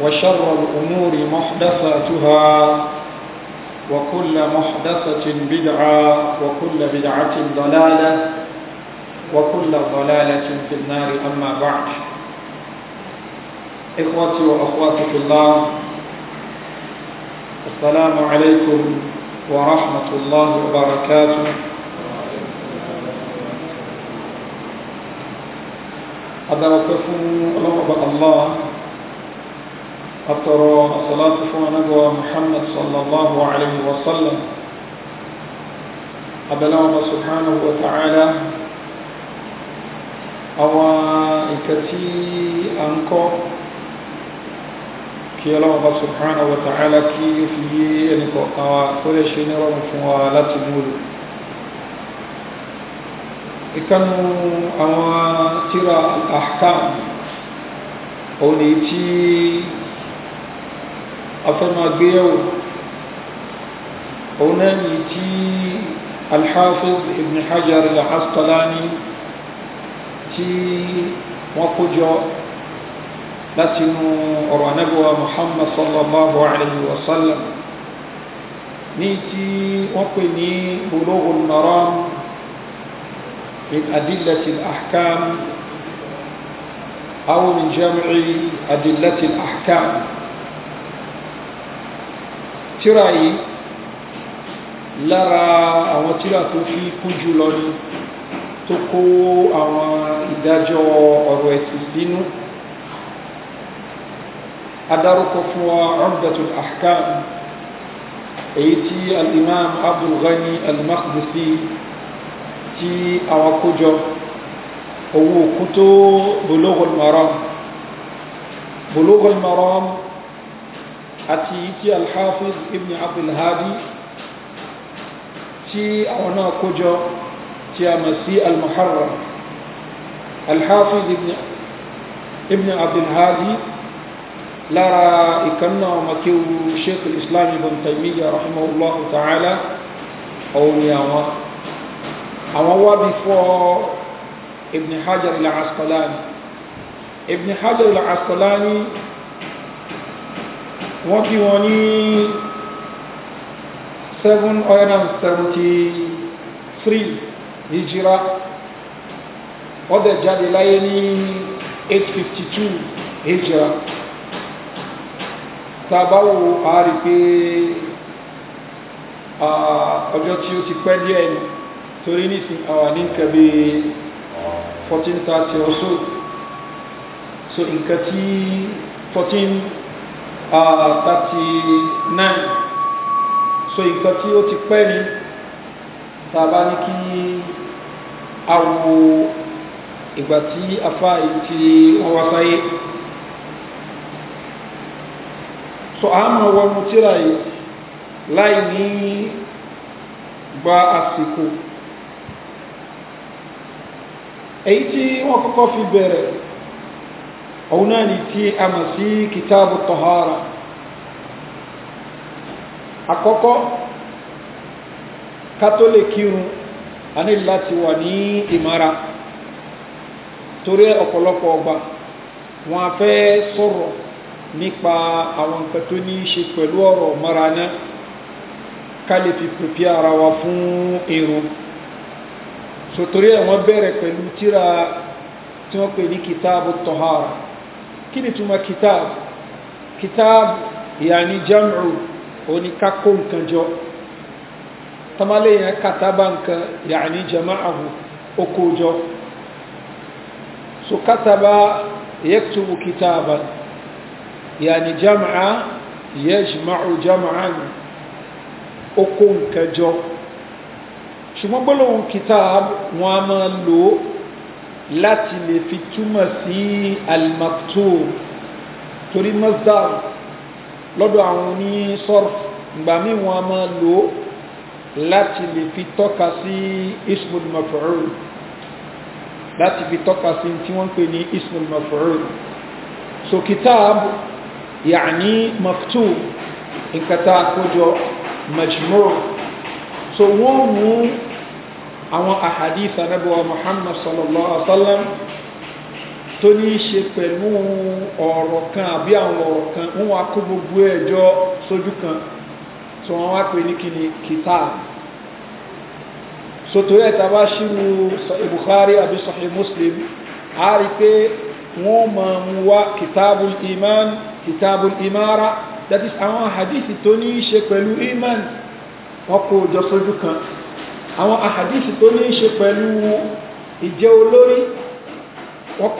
وشر الأمور محدثاتها وكل محدثة بدعة وكل بدعة ضلالة وكل ضلالة في النار أما بعد إخوتي وأخواتي في الله السلام عليكم ورحمة الله وبركاته أدعوكم الله أترى صلاة فوانبوى محمد صلى الله عليه وسلم أبلغنا سبحانه وتعالى àwọn nǹkan tí a ń kọ́ kí ọlọ́wọ́ bá subhanahu wa ta'ala kí ó fi yé ẹnìkọ̀ àwọn akọ́lẹ̀ ṣe ní ọlọ́run fún wa láti múlò ìkanu àwọn tíra al-ahkam òun èyí tí أفرماكيو يتي الحافظ ابن حجر العسقلاني تي وقجو لسن رنبوة محمد صلى الله عليه وسلم نيتي وقني بلوغ المرام من أدلة الأحكام أو من جمع أدلة الأحكام tíra yìí lára àwọn tíra tó fi kún jù lọ ni tó kó àwọn ìdájọ́ ọ̀rọ̀ ẹ̀sìn sínú adarúkọ fún wa Umdatul Ahkam èyí tí al-imam Abdul Ghani àwọn kójọ owó kútó Bulughul Maram Bulughul Maram àti tí alhafiz ibn abdulhadi tí àwọn náà kójọ tí a mọ̀ sí almuharram alhafiz ibn abdulhadi lára ìkanná ọmọkéwu sheikh islam ibn taymiya rahimahullahu ta'ala òun ni àwọn àwọn wá bí fọ́ ibn hajar al-asqalani ibn hajar al-asqalani wọ́n kí wọn ní 773 hijira wọ́n dẹ̀ jáde láyé ní 852 hijira tàbáwò àárí pé ọjọ́ tí ó ti pẹ́ díẹ̀ ni torí nísìn àwà ní nǹkan bí 1430 or so so nǹkan tí thirty nine so nǹkan tí ó ti pẹ́ ni tá a bá ní kí a wo ìgbà tí afá yìí ti wọ́n wá sáyé so a máa wọnú tíra yìí láì ní gba àsìkò èyí tí wọ́n kọ́kọ́ fi bẹ̀rẹ̀ òun náà ni tí a mọ̀ sí kìtàbù tọ̀hárà àkọ́kọ́ kátólè kírun a ní láti wà ní ìmára torí ọ̀pọ̀lọpọ̀ ọgbà wọn a fẹ́ sọ̀rọ̀ nípa àwọn nǹkan tó ní í ṣe pẹ̀lú ọ̀rọ̀ mara ká lè fi pèpè ara wa fún irun sòtòrí ẹ̀ wọ́n bẹ̀rẹ̀ pẹ̀lú tíra tí wọ́n pè ní kìtàbù tọ̀hárà kí ni túnmọ̀ kitab kitab ìyàní jam'u òní kakó nǹkan jọ tamale yẹn kataba nǹkan ìyàní jama'ahu okó jọ so kataba yaktubu kitaban ìyàní jam'a yajma'u jam'an okó nǹkan jọ ṣùgbọ́n gbọ́lọ́hun kitab wọn a máa lò láti lè fi túmọ̀ sí al-maktub torí masdar lọ́dọ̀ àwọn oní sarf ìgbà míì wọn a máa lò ó láti lè fi tọ́ka sí ismul maf'ul láti fi tọ́ka sí tí wọ́n ń pè ní ismul maf'ul so kitab yàní maktub nǹkan tá a majmur so wọ́n mú àwọn ahadith anabiwa muhammad sallallahu alaihi wa sallam tó ní í ṣe pẹ̀lú ọ̀rọ̀ kan àbí àwọn ọ̀rọ̀ kan ń wá kó gbogbo ẹ̀jọ́ sójú kan tí wọ́n wá pè ní kíni kitab sotori ẹ̀ta bá ṣírú Bukhari àbí Sahih Muslim a rí pé wọ́n máa ń wá kitabul iman kitabul imara that is àwọn hadithi tó ní í ṣe pẹ̀lú iman wọ́n kó jọ sójú kan àwọn àhàdísì tó ní ṣe pẹ̀lú ìjẹ́ olórí wọ́n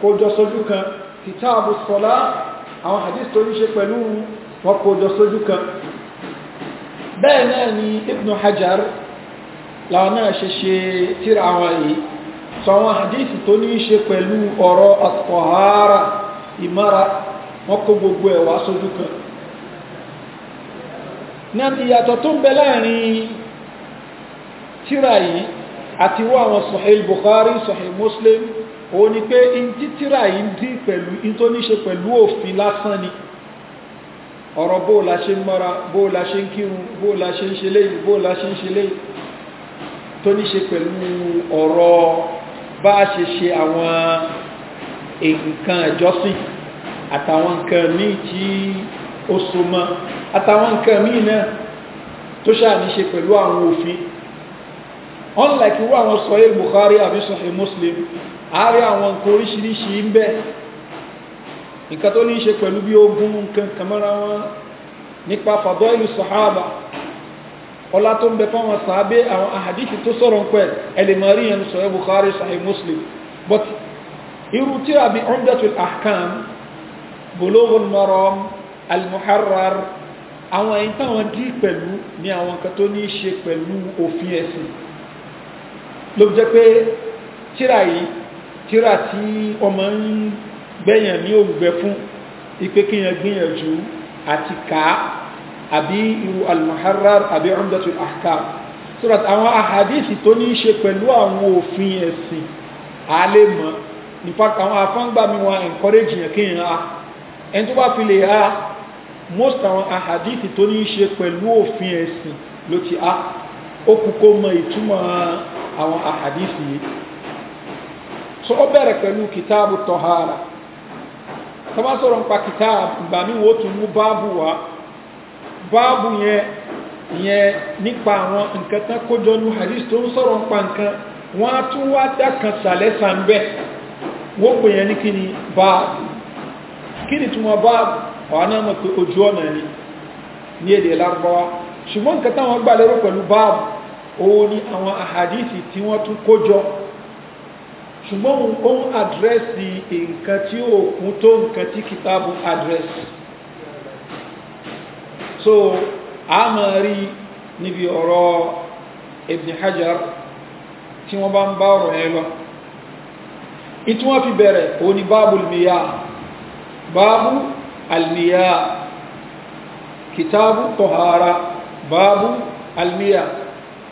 kójọ sójú kan kìtàbù sọ́lá àwọn àhàdísì tó ní ṣe pẹ̀lú wọ́n kójọ sójú kan bẹ́ẹ̀ náà ni Ibn Hajar láwọn náà ṣe ṣe tíra àwọn yìí sọ àwọn àdíìsì tó ní ṣe pẹ̀lú ọ̀rọ̀ àtọ̀hárà tíra yìí àti wọ́n àwọn sahih bukhari sahih muslim ó ní pé in tí tíra yìí dí pẹ̀lú in tó ní ṣe pẹ̀lú òfin lásán ni ọ̀rọ̀ bó la ṣe ń mọ́ra bó la ṣe ń kírun bó la ṣe ń ṣe léyìí bó la ṣe ń ṣe tó ní pẹ̀lú ọ̀rọ̀ bá a ṣe ṣe àwọn nǹkan ìjọsìn àtàwọn nǹkan míì tí ó so mọ́ àtàwọn nǹkan míì náà tó ṣáà pẹ̀lú àwọn òfin unlike irú àwọn sọ̀rọ̀ Bukhari àbí sọ̀rọ̀ Muslim àárí àwọn nǹkan oríṣiríṣi ń bẹ nǹkan tó ní ṣe pẹ̀lú bí ogun nǹkan kàmọ́ra wọn nípa fàdọ́ìlù sàhábà ọlá tó ń bẹ fáwọn sàábé àwọn àhàdìsì tó sọ̀rọ̀ ń pẹ̀ ẹlẹ́mọ̀rí yẹn ló jẹ́ pé tíra yìí tíra tí ọmọ ń gbẹ̀yàn ní òrùgbẹ fún ipé kíyàn gbìyànjú àti ká àbí irú al-muharrar àbí umdatul ahkam so that àwọn ahadisi tó ní í ṣe pẹ̀lú àwọn òfin ẹ̀sìn àálẹ́ mọ́ in fact àwọn afọ́ngbà mi wọn encourage yẹn kíyàn á ẹni tó bá fi lè á most àwọn ahadisi tó ní í ṣe pẹ̀lú òfin ẹ̀sìn ló ti á ó kú mọ ìtumọ̀ àwọn àhàdísì yìí so ó bẹ̀rẹ̀ pẹ̀lú kìtáàbù tọ́hárà tọ́bá sọ̀rọ̀ nípa kìtáàbù ìgbà míì wọ́n tún mú báàbù wá báàbù yẹn yẹn nípa àwọn nǹkan tán kójọ ní hadith tó ń sọ̀rọ̀ nípa nǹkan wọ́n á tún wá dákan sàlẹ̀ sàn bẹ́ wọ́n pè yẹn ní kí ni báàbù kí ni túnmọ̀ báàbù àwọn náà mọ̀ pé ojú ọ̀nà ni ní èdè lárúbáwá ṣùgbọ́n nǹkan táwọn gbà lérò pẹ̀lú báàbù òun ni àwọn àhàdìsì tí wọ́n tún kó jọ ṣùgbọ́n ó ń àdírẹ́sì nǹkan tí ó kún tó nǹkan tí kìtàbù àdírẹ́sì so a máa rí níbi ọ̀rọ̀ Ibn Hajar tí wọ́n bá ń bá ọ̀rọ̀ yẹn lọ ìtí wọ́n fi bẹ̀rẹ̀ òun ni báàbù alìmíyà báàbù alìmíyà kìtàbù tọ̀hárà báàbù alìmíyà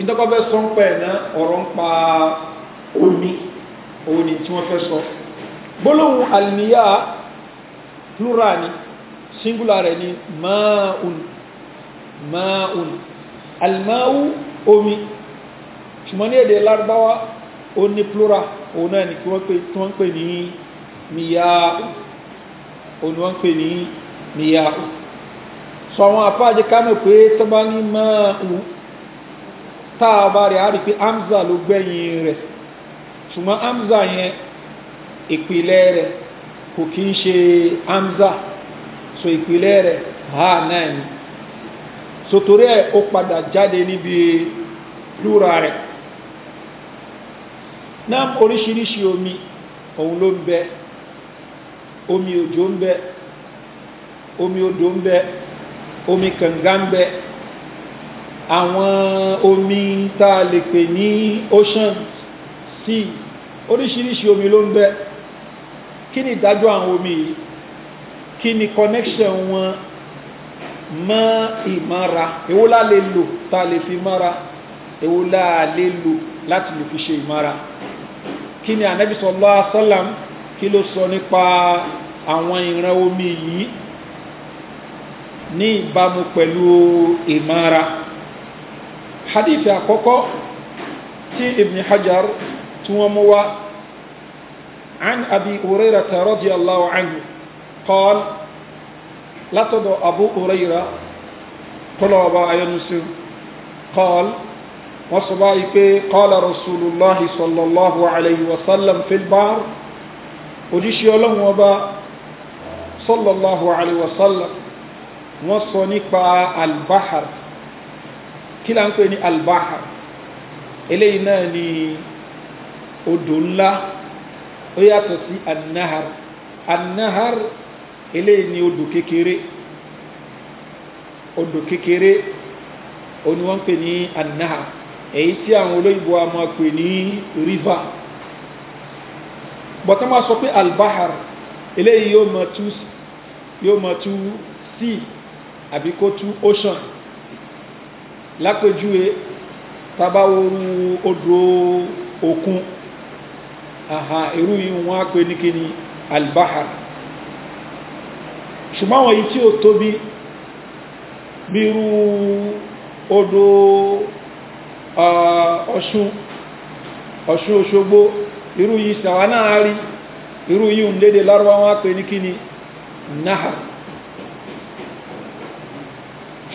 ìtọ́kọ́ fẹ́ sọ ń pa ẹ̀ná ọ̀rọ̀ ń pa omi òun ni tí wọ́n fẹ́ sọ gbólóhùn àlìníyà plural ni singular rẹ̀ ni máàun máàun almáàun omi ṣùgbọ́n ní èdè lárúbáwá ó ní plural òun náà ni kí wọ́n pè tí wọ́n pè ní miyaun òun ni wọ́n pè ní miyaun sọ àwọn apá àjẹkámẹ́ pé tọ́bá ní máàun tá a bá rẹ̀ á rí i pé hamza ló gbẹ̀yìn rẹ̀ ṣùgbọ́n hamza yẹn ìpìlẹ̀ rẹ̀ kò kí ń ṣe hamza so ìpìlẹ̀ rẹ̀ ha náà ni sotori ẹ̀ ó padà jáde níbi plural rẹ̀ náà oríṣiríṣi omi òun ló ń bẹ omi òjò ń bẹ omi odò ń bẹ omi kànga ń bẹ. àwọn omi tá a lè pè ní ocean sea oríṣiríṣi omi ló ń bẹ kí ni ìdájọ́ àwọn omi yìí kí ni connection wọn mọ́ ìmára èwo la lè lò tá a lè fi mára èwo lè lò láti lè fi ṣe ìmára kí ni ànábì sallallahu alaihi wasallam kí ló sọ nípa àwọn ìran omi yìí ní ìbámu pẹ̀lú ìmára. E hadith àkọ́kọ́ tí ibn hajar tí wọ́n mú wá عن أبي هريرة رضي الله عنه قال لا تدع أبو هريرة طلب ينسو قال وصبايك قال رسول الله صلى الله عليه وسلم في البار وديش يولم وبا صلى الله عليه وسلم وصنق البحر kí là ń pè ní albahar eléyìí náà ni odò ńlá ó yàtọ̀ sí annahar annahar eléyìí ni odò kékeré odò kékeré òní wọ́n ń pè ní annahar èyí tí àwọn olóyìnbó a máa pè ní river bọ̀tá máa sọ pé albahar eléyìí yóò mọ̀ tú sí àbí kó tú ocean lápèjúwe tabaworu odò òkun aha irú yìí wọ́n á pè ní kíni albahar ṣùgbọ́n àwọn yìí tí ó tóbi bí irú odò ọ̀ṣun ọ̀ṣun òṣogbo irú yìí sàwà náà rí irú yìí ń léde lárúwá wọ́n pè ní kíni nahar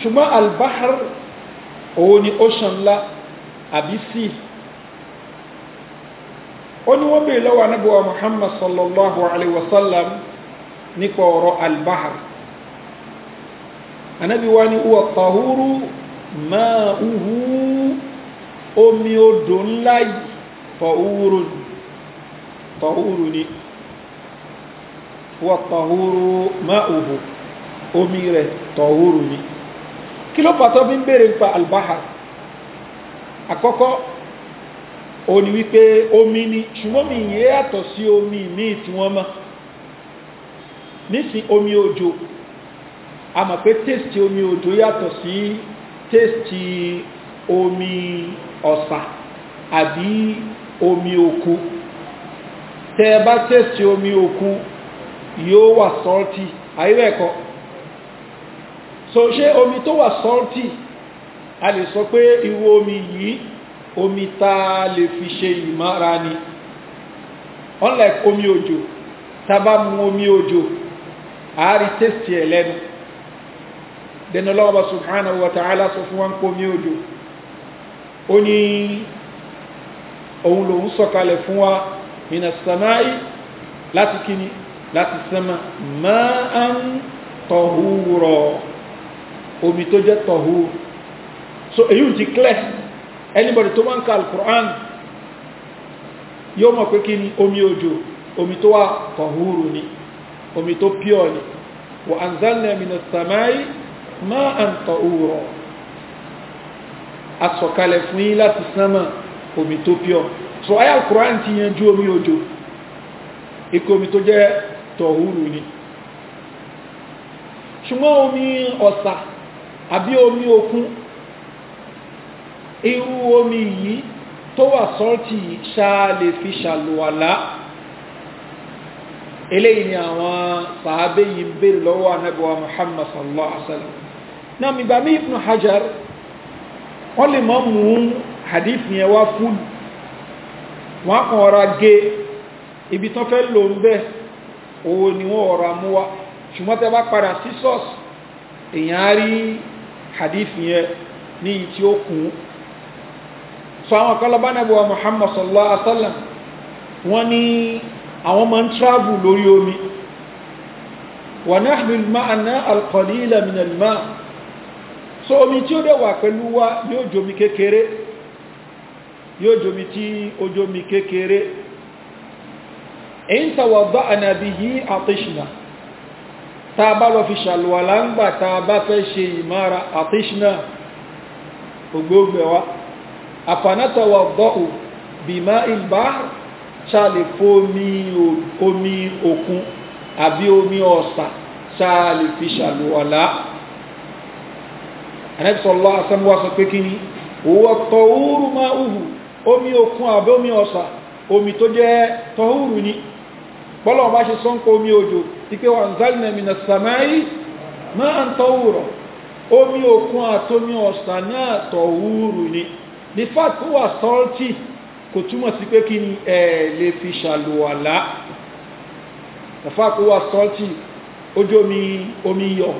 ṣùgbọ́n albahar òun ni ocean ńlá àbí sea ó ní wọ́n bèèrè lọ́wọ́ anábíwá muhammad sallallahu alayhi wa sallam nípa ọ̀rọ̀ albahar anábíwá ni uwa tahuru máa uhu omi odò ńlá yìí tahuru ni uwa tahuru máa uhu omi rẹ̀ tahuru ni kí ló fà tó fi ń béèrè nípa albahar àkọ́kọ́ ó ní wípé omi ni ṣùgbọ́n mi yẹ yàtọ̀ sí omi míì tí wọ́n mọ̀ nísìn omi òjò a mọ̀ pé tèstì omi òjò yàtọ̀ sí tèstì omi ọ̀sà àbí omi òkun tẹ́ ẹ bá tèstì omi òkun yóò wà sọ́ọ̀tì àyíwẹ̀kọ́ so ṣé omi tó wà salty a lè sọ pé irú omi yìí omi tá a lè fi ṣe ìmára ni unlike omi òjò tá a bá mu omi òjò a rí tẹ́sì ẹ̀ lẹ́nu dẹni ọlọ́wọ́ subhanahu wa ta'ala sọ fún wọn kó omi òjò ó ní òun lòun sọ̀kalẹ̀ fún wa mina samai láti kíni láti sánmà máa ń tọ̀húrọ̀ omi tó jẹ́ tọ̀hú so èyí ti clear anybody tó wọ́n ń ka alukur'an yóò mọ̀ pé kí ni omi òjò omi tó wà tọ̀húrù ni omi tó pure ni wa anzalna mina samai ma'an tahura asọ̀kalẹ̀ fún yín láti sánmà omi tó pure so ayé alukur'an ti yanjú omi òjò ikú omi tó jẹ́ tọ̀húrù ni ṣùgbọ́n omi ọ̀sà àbí omi òkun irú omi yìí tó wà sọ́ọ̀tì ṣáà lè fi ṣàlùwàlá eléyìí ni àwọn sàábé yìí ń lọ́wọ́ anábọ̀wá Muhammad sallallahu alaihi wasallam náà mìgbà mí Ibn Hajar wọ́n lè mọ́ mú hadith yẹn wá fún wọ́n kàn ọ̀rá gé ibi tó fẹ́ lò ń bẹ́ owó ni wọ́n ọ̀rá mú wá ṣùgbọ́n tẹ́ bá padà sí sọ́ọ̀sì èèyàn rí hadith yẹn ní yìí tí ó kún so àwọn kọlọ́bá nàbẹ̀wà Muhammad sallallahu alaihi wa sallam wọ́n ní àwọn máa ń travel lórí omi wa nahmil ma'ana al-qalila min al-ma' so omi tí ó dẹ̀ wà pẹ̀lú wa yóò jomi kékeré yóò jomi tí ó jomi kékeré in tawadda'na bihi atishna tá a bá lọ fi ṣàlùwàlá ń gbà tá a bá fẹ́ ṣe ìmára àtíṣnà ògbógbẹ̀wá àfànátọ̀wọ̀ bọ́ọ̀ bìmá ìbá ṣàlè fómi omi òkun àbí omi ọ̀sà ṣàlè fi ṣàlùwàlá anẹ́bísọ̀lá asánúwá sọ pé kí ni òwò tọ̀húrù máa hù omi òkun àbí omi ọ̀sà omi tó jẹ́ tọ̀húrù ni bọ́lọ̀ bá ṣe sọ́nkọ omi òjò ipé wà zálìnà mi nà sàmáyí máa ń tọ́wùrọ̀ omi òkun àtomi ọ̀sán náà tọ̀wùrù ni ní fact ó wà sọ́ọ̀tì kò túmọ̀ sí pé kí ni ẹ lè fi ṣàlùwàlá the fact omi omi yọ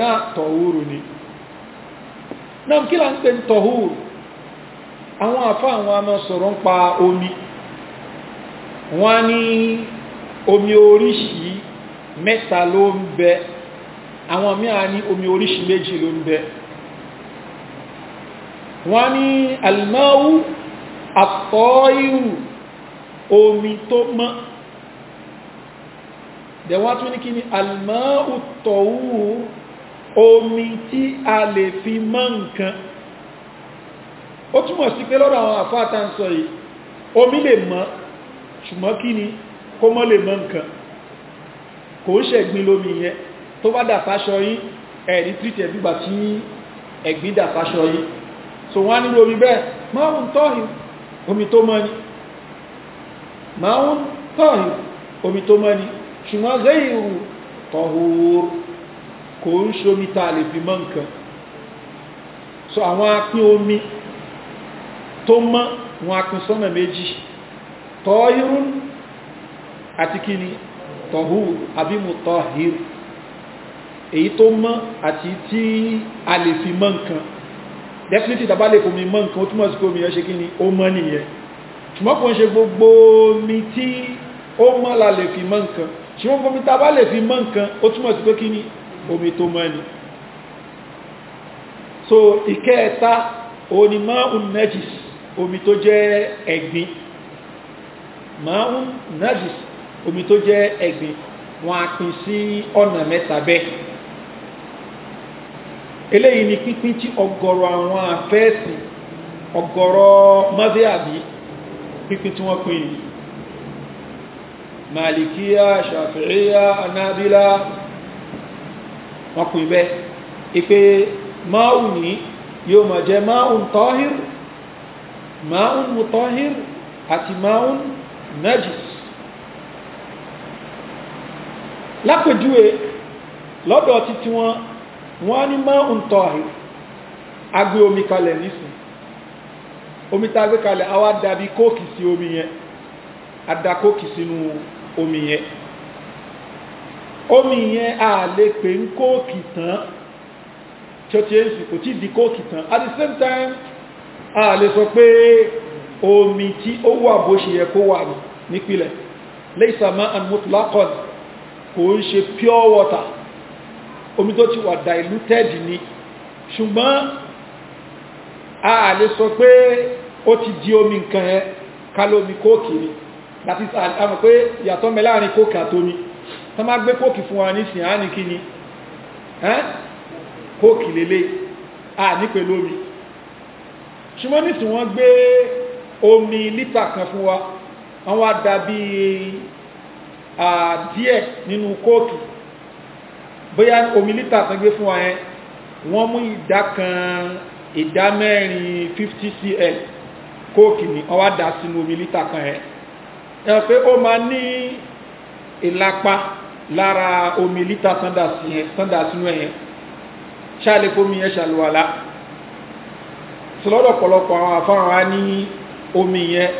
náà ni náà kí là ń pè ní tọ̀wùrù àwọn àfá àwọn a máa sọ̀rọ̀ ń pa omi wọ́n ní omi oríṣi mẹ́ta ló ń bẹ àwọn mìíràn ní omi oríṣi méjì ló ń bẹ wọ́n ní almáwú àtọ́ìrù omi tó mọ́ dẹ̀wọ́n tún ní kí ni almáwú tọ̀wú omi tí a lè fi mọ́ nǹkan ó túmọ̀ sí pé lọ́dọ̀ àwọn àfáà tá ń sọ yìí omi lè mọ́ ṣùgbọ́n kí ni kó mọ́ lè mọ́ nǹkan kò ń ṣẹ̀gbin lómi yẹn tó bá dà sáṣọ ẹ̀rí tìrìtì ẹ̀dúgbà tí ẹ̀gbin dà sáṣọ so wọ́n á nílò omi bẹ́ẹ̀ máa ń tọ́hìn omi tó mọ́ ni máa ń tọ́hìn omi tó mọ́ ni ṣùgbọ́n gẹ́yìnrù tọ̀hùr kò ń ṣomi ta lè fi mọ́ nǹkan so àwọn apín omi tó mọ́ wọn a pín sọ́nà méjì tọ́ irun àti kí ni tọ̀hú àbí mutahhir èyí tó mọ́ àti tí a lè fi mọ́ nǹkan definitely tàbá lè fomi mọ́ nǹkan ó túnmọ̀ sí pé omi ṣe kí ni ó mọ́ nìyẹn ṣùgbọ́n kò ń ṣe gbogbo omi tí ó mọ́ la lè fi mọ́ nǹkan ṣùgbọ́n gbogbo tàbá lè fi mọ́ nǹkan ó túnmọ̀ sí pé kí ni omi tó mọ́ ni so ìkẹta òní mọ́ un omi tó jẹ́ ẹ̀gbin ma'un najis omi tó jẹ́ ẹ̀gbin wọn a pín sí ọ̀nà mẹ́ta bẹ́ẹ̀ eléyìí ni pínpín tí ọ̀gọ̀rọ̀ àwọn afẹ́ẹ̀sì ọ̀gọ̀rọ̀ mazhabi pínpín tí wọ́n pín yìí malikiya shafi'iya anabila wọ́n pín bẹ́ẹ̀ ipe ma'un ni yóò máa jẹ́ ma'un tahir máa ń mutahir àti máa ń najis lápèjúwe lọ́dọ̀ títí wọn wọ́n ní máa ń tahir agbé omi kalẹ̀ nísìn omi tá gbé kalẹ̀ awá dàbí kóòkì sí omi yẹn adà kóòkì sínú omi yẹn omi yẹn a lè pè ń kóòkì tán tí ó ti ń sì kò tí di kóòkì tán at the same time a lè sọ pé omi tí ó wà bó ṣe yẹ kó wà nípìlẹ̀ lẹ́ìsàmá and mutlakon kò ń ṣe pure water omi tó ti wà diluted ni ṣùgbọ́n a lè sọ pé ó ti di omi nǹkan ẹ kálómi kóòkiri that is àmọ́ pé yàtọ̀ mẹ́ láàrin kóòkì àtomi tó má gbé kóòkì fún wa nísìnyí á ní ni kóòkì lélẹ̀ à ní pẹ̀lú omi ṣùgbọ́n ní tí wọ́n gbé omi lítà kan fún wa wọ́n wá dàbí díẹ̀ nínú kóòkì bóyá omi lítà tán gbé fún wa yẹn wọ́n mú ìdá kan ìdá mẹ́rin 50 cl kóòkì ni wọ́n wá dà sínú omi lítà kan yẹn ẹ pé ó máa ní ìlapa lára omi lítà tán sínú ẹ̀yẹn ṣáà lè ṣàlùwàlá lọ́dọ̀ pọ̀lọpọ̀ àwọn afáràn á ní omi yẹn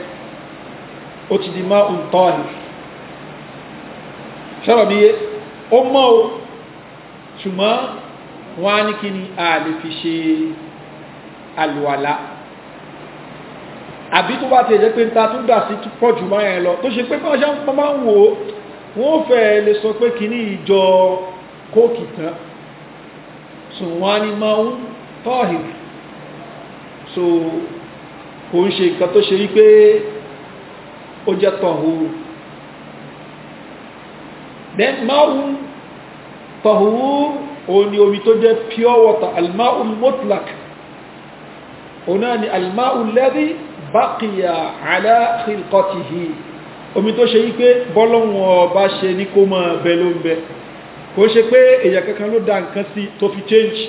ó ti di máa ń tọ́ ni ṣọ́rọ̀ bí yé ó mọ́ o ṣùgbọ́n wọ́n á ní kí ni a lè fi ṣe àlùwàlá àbí tó bá ti ẹ̀jẹ́ pé ta tún dà sí pọ̀ jù máa yẹn lọ tó ṣe pé bá ṣe ń máa ń wò ó wọ́n fẹ́ lè sọ pé kí ní ìjọ ń tọ́hìrì so kò ń ṣe nǹkan tó ṣe wípé ó jẹ́ tọ̀húrù then máwù tọ̀húrù òun ni omi tó jẹ́ pure water alma'u mutlak òun náà ni alma'u alladhi baqiya ala khilqatihi omi tó ṣe wípé bọ́lọ́wọ́n ọba ṣe ní kó máa bẹ ló ń bẹ kò ṣe pé èèyàn kankan ló dá nǹkan sí tó fi change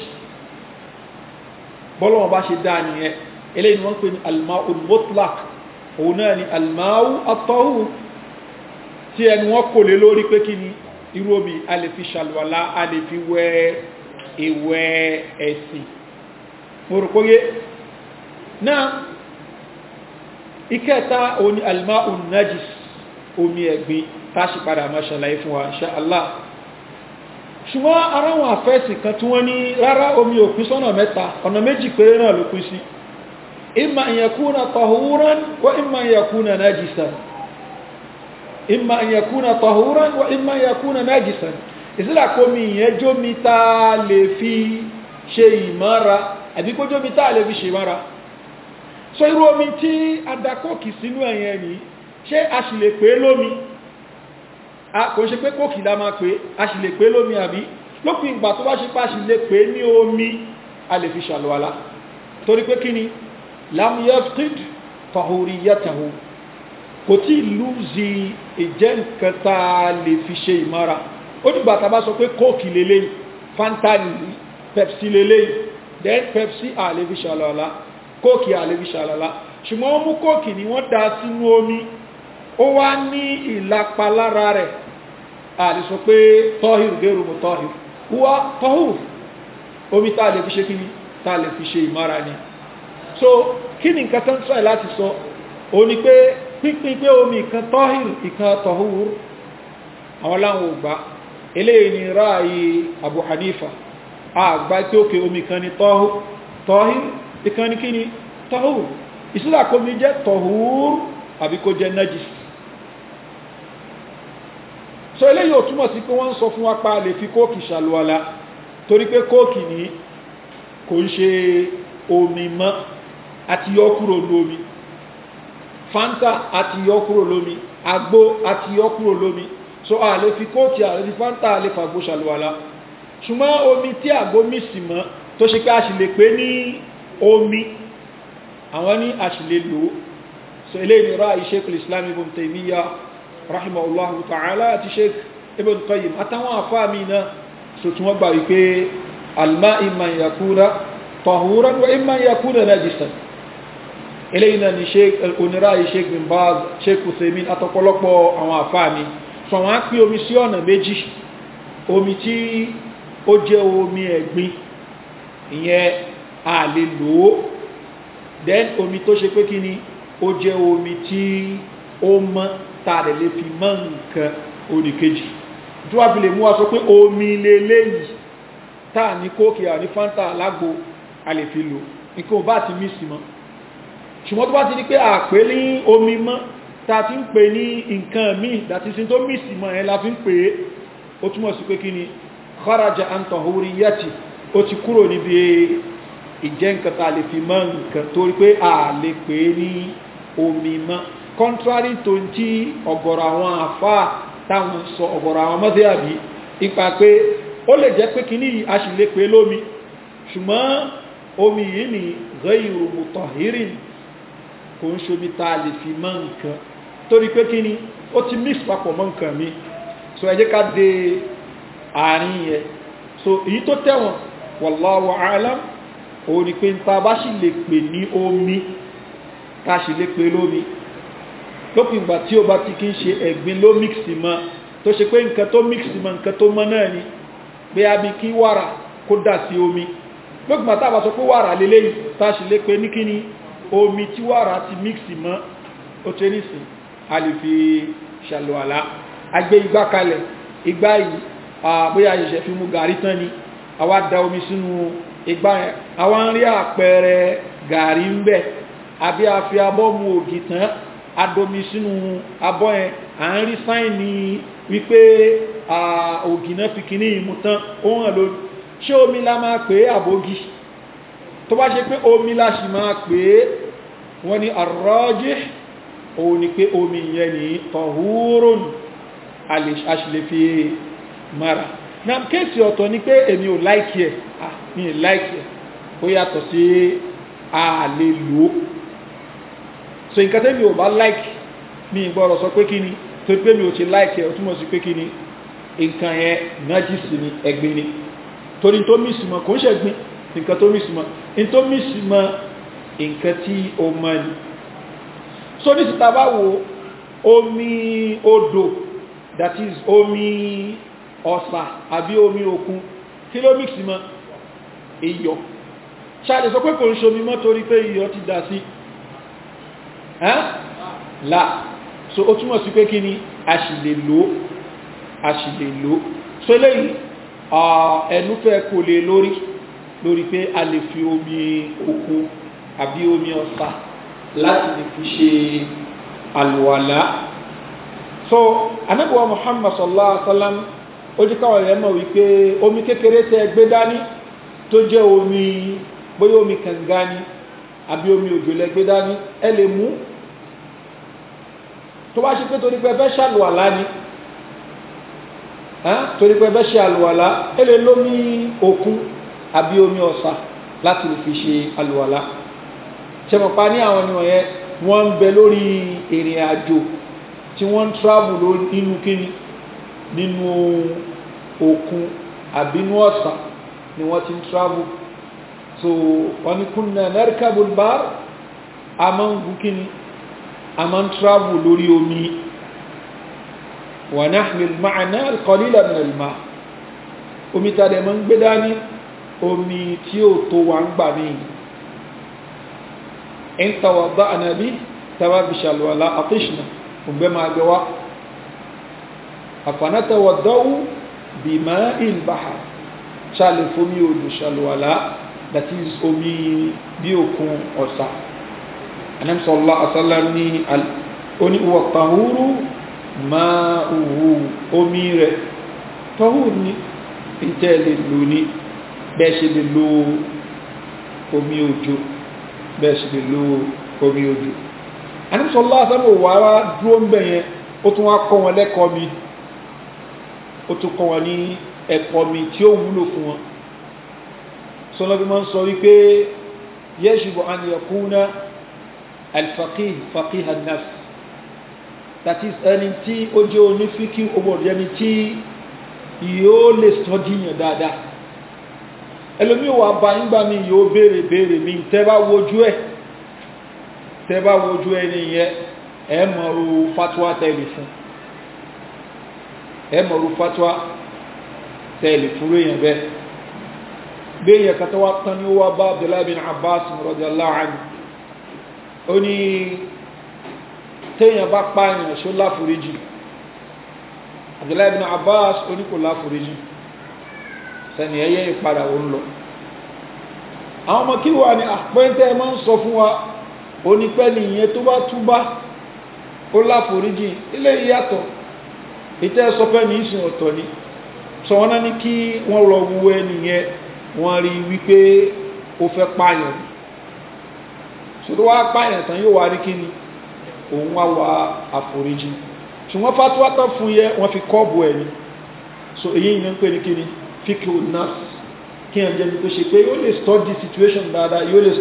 bọ́lọ̀ wọn bá ṣe dáa nìyẹn eléyìí ni wọ́n ń pè ní almau mutlak òun náà ni almau atọ́hù tí ẹnu wọn kò lé lórí pé kí ni irú omi a lè fi ṣàlùwàlá a lè fi wẹ ìwẹ ẹ̀sìn mo náà ìkẹta òun ni almau najis omi ẹ̀gbin tá a ṣe padà máa ṣàlàyé fún wa insha Allah ṣùgbọ́n ara wọn àfẹ́sì kan tí wọ́n ní rárá omi òpin sọ́nà mẹ́ta ọ̀nà méjì péré náà ló pín sí imma an yakuna tahuran wa imma an yakuna najisan imma an yakuna tahuran wa imma an yakuna najisan ìsìlá kó mi lè fi ṣe ìmọ́ra a kò ṣe pé kókì la máa pé a sì lè pé lómi àbí lópin ìgbà tó bá ṣe pá sì lè pé ní omi a lè fi ṣàlùwàlá torí pé kí ni lamuyefkid tahoriyatahu pepsi lélẹ́yìn then pepsi a lè fi ṣàlùwàlá kóòkì a lè ṣùgbọ́n wọ́n mú ni wọ́n da sínú omi ó wá ní ìlapa lára rẹ̀ àlè sọ pé tọ́hìrù gẹ́rù mọ̀ tọ́hìrù wúwá tọ́hùrù omi tá a lè fi ṣe kíni tá a lè fi ṣe ìmára ni so kí ni nǹkan tó ń sọ̀rọ̀ láti sọ o ni pé pínpín pé omi ìkan tọ́hìrù ìkan tọ́hùrù àwọn láwọn ò gbà eléyìí ni ráàyè Abu Hanifa àgbà tí ó ké omi kan ni tọ́hìrù ìkan ni kíni tọ́hùrù ìsìlá jẹ́ tọ́hùrù àbí jẹ́ najis so eléyìí ò túmọ̀ sí pé wọ́n ń sọ fún wa pa lè fi kóòkì ṣàlùwàlà torí pé kóòkì ní kò ń ṣe omi mọ́ àti lómi fanta àti yọ kúrò lómi àgbo àti yọ kúrò lómi so a lè fi kóòkì a lè fi fanta a lè fàgbo ṣàlùwàlà ṣùgbọ́n omi tí àgbo mì sí mọ́ tó ṣe pé a sì lè pè ní omi àwọn ní a sì lè lò ó so eléyìí ni ra Sheikhul Islam Ibn Taymiyyah rahimahullahu ta'ala àti sheikh ibn qayyim àtàwọn àfáàmì náà so tí wọ́n gbà wípé alma imma yakuna tahuran wa imma yakuna najisan eléyìí náà ni sheikh oníràyè sheikh bin baz sheikh usaimin àtọ̀pọ̀lọpọ̀ àwọn àfáàmì so wọ́n á pín omi sí ọ̀nà méjì omi tí ó jẹ́ omi ẹ̀gbin ìyẹn a lè lò ó omi tó ṣe pé kí ni ó omi tí ó mọ́ tá a lè lè fi mọ́ nǹkan oníkejì tí wàá fi lè mú wa sọ pé omi lélẹ́yìí tá a ní kóòkì àní fanta alágbo a lè fi lò nǹkan bá ti mí sí mọ́ ṣùgbọ́n tó bá ti ní pé àpé ní omi mọ́ tá a ti ń pè ní nǹkan míì dàtí sin tó mí sí mọ́ ẹ̀ la fi ń pè é ó túmọ̀ sí pé kí ni kharaja an tahuriyati ó ti kúrò níbi ìjẹ́ nǹkan tá lè fi mọ́ nǹkan torí pé a lè pè é ní omi mọ́ contrary to ti ọ̀gọ̀rọ̀ àwọn àfá táwọn sọ ọ̀gọ̀rọ̀ àwọn mọ́sí ipa pé ó lè jẹ́ pé kíní a sì pé lómi ṣùgbọ́n omi yìí ni ghayru mutahirin kò ń ṣomi tá a lè fi mọ́ nǹkan torí pé kíní ó ti mix papọ̀ mọ́ nǹkan mi so ẹ jẹ́ ká de àárín yẹn so èyí tó tẹ̀wọ̀n wallahu a'lam òun ni pé ń ta bá sì lè pè ní omi ká sì lè pè lómi lópin ìgbà tí o bá ti kí n ṣe ẹ̀gbin ló mixi mọ́ tó ṣe pé nǹkan tó mixi mọ́ nǹkan tó mọ́ náà ni pé a bí kí wàrà kó dà sí omi lópin ìgbà táwa sọ pé wàrà lélẹ́yìn tá a lé pé ní kí ni omi tí wàrà ti mixi mọ́ ó ṣe nísìn a lè fi ṣàlùwàlá a gbé igbá kalẹ̀ igbá yìí bóyá ṣẹ̀ṣẹ̀ fi mu gàrí tán ni àwa da omi sínú igbá yẹn àwa ń rí àpẹẹrẹ gàrí ń bẹ àbí a fi abọ́ mu ògì tán adomi sínú abọ́ yẹn à ń rí sáìnì wípé ògì náà fi kíní ìmú tán ó hàn lórí ṣé omi la máa pè é àbógi tó bá ṣe pé omi la sì máa pè é wọ́n ní àrọ́jì òun ni pé omi yẹn ní tọ̀húrún a fi mara na kéèsì ọ̀tọ̀ ni pé èmi ò láìkì ẹ̀ mi ì láìkì ẹ̀ ó yàtọ̀ sí àlè lòó so nǹkan tẹ́mi ò bá like mi ìgbọ́rọ̀ sọ pé kí ni tó pé mi ò ti like ẹ̀ ó túmọ̀ sí pé kí ni nǹkan yẹn nájísì ni ẹ̀gbin ni torí tó mí sùmọ̀ kò ń ṣẹ̀gbin nǹkan tó mí sùmọ̀ in mí sùmọ̀ nǹkan tí ó mọ́ ni so ní síta bá wo omi odò that is omi ọ̀sà àbí omi òkun kí ló mix mọ́ iyọ̀ ṣáà lè sọ pé kò ń ṣomi mọ́ torí pé iyọ̀ ti dà sí i la so ó túmọ̀ sí pé kí ni a sì lè lò a sì lè lò so léyìí ẹnu kò lè lórí lórí pé a lè fi omi òkú àbí omi ọ̀sà láti lè fi ṣe àlùwàlá so anábíwá muhammad sallallahu alaihi wasallam, sallam ó jẹ́ káwọn ẹ̀rẹ́ mọ̀ wípé omi kékeré tẹ́ gbé dání tó jẹ́ omi bóyá omi kànga àbí omi òjò lẹ dání ẹ lè mú tó bá ṣe pé torí pé ẹ fẹ́ ṣàlùwàlá ni torí pé ẹ fẹ́ ṣe àlùwàlá ẹ lè lómi òkun àbí omi ọ̀sà láti lè fi ṣe àlùwàlá ṣẹmọ̀pá ní àwọn ènìyàn yẹn wọ́n ń bẹ lórí ìrìn àjò tí wọ́n ń travel nínú kíni nínú òkun àbí inú ọ̀sà ni wọ́n ti ń travel so wọ́n ní kúnnà nẹ́rìkàbùl bá a máa ń gùn kíni a máa ń travel lórí omi wa nahmil ma'ana al-qalila min al-ma' omi tá a dẹ̀ máa ń gbé dání omi tí ó tó wa ń gbà ní in tawadda'na bi tàbá fi àtìṣnà ògbẹ́ máa gbẹ wá àfànátàwàdáwù bí máa in bàhà ṣàlẹ̀ odò ṣàlùwàlá that is omi bí òkun ọ̀sà anam sallallahu alaihi wasallam ní oní ìwọ̀ tahuru máa wù omi rẹ̀ tahuru ní ìtẹ́ lè lò ní bẹ́ẹ̀ ṣe lè lo omi òjò bẹ́ẹ̀ ṣe lè lo omi òjò anam sallallahu alaihi wasallam wà á dúró ń bẹ̀yẹn ó tún wá kọ́ wọn lẹ́kọ̀ọ́ mi tí ó wúlò fún wọn sọlọ́bí máa ń sọ wípé yẹ́ṣùgbọ́n àníyàn kú náà alfaqih faqih النفس. nafs that is ẹni tí ó jẹ́ onífíkì owó ọ̀dọ́ ẹni tí yóò lè sọ́dí yàn dáadáa ẹlòmíì wà bá nígbà mi yóò béèrè béèrè mi tẹ́ bá wojú ẹ̀ tẹ́ bá wojú ẹni yẹn ẹ mọ̀ ru tẹ́lẹ̀ fún ẹ mọ̀ ru tẹ́lẹ̀ fún èèyàn bẹ́ẹ̀ béèyàn kàtàwá tán ni ó wá bá Abdullahi bin Abbas radiyallahu ó ní téèyàn bá pààyàn ṣó láforíjì Abdullahi ibn Abbas ó ní kò láforíjì sẹ́ni ẹyẹ ìpadà òun lọ àwọn ọmọ kí wà ní àpẹẹntẹ ah, ẹ máa ń sọ fún wa onípẹ́ni ìyẹn tó bá túbá ó láforíjì ilé ìyàtọ̀ ìtẹ́ sọpẹ́ ní ìsìn ọ̀tọ̀ ni sọ wọn náà ní kí wọ́n lọ wu ẹnìyẹn wọ́n rí wípé ó fẹ́ pààyàn ni tó wá pààyàn tán yóò wá rí kí ni òun wá wá àforíjì ṣùgbọ́n fatuwa tán fún yẹ wọ́n fi kọ́ọ̀bù ẹ̀ so èyí ìyẹn ń pè ní kí ni fíkì nas kí ẹn jẹni tó ṣe pé yóò lè study situation dáadáa yóò lè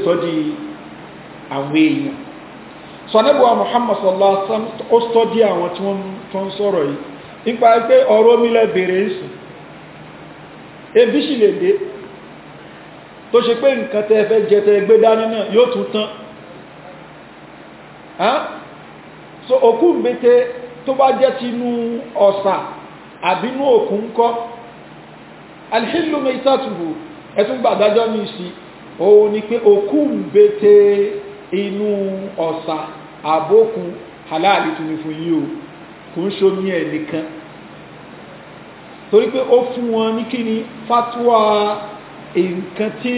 àwọn èèyàn so Muhammad sallallahu alaihi wasallam ó study àwọn tí wọ́n ń sọ̀rọ̀ yìí nípa pé ebi sì lè dé tó ṣe pé nǹkan tẹ́ fẹ́ jẹ tẹ́ gbé so òkú mbete tó bá jẹ́ tinú ọ̀sà àbínú òkú ńkọ́ alhílù mẹ́tàtùbù ẹtún gbàdájọ́ ní ìsì òun ni pé òkú mbete inú ọ̀sà àbókun halali tún ní fún yí o kò ń ṣomi ẹ̀ nìkan torí pé ó fún wọn ní kí ni fatwa nǹkan tí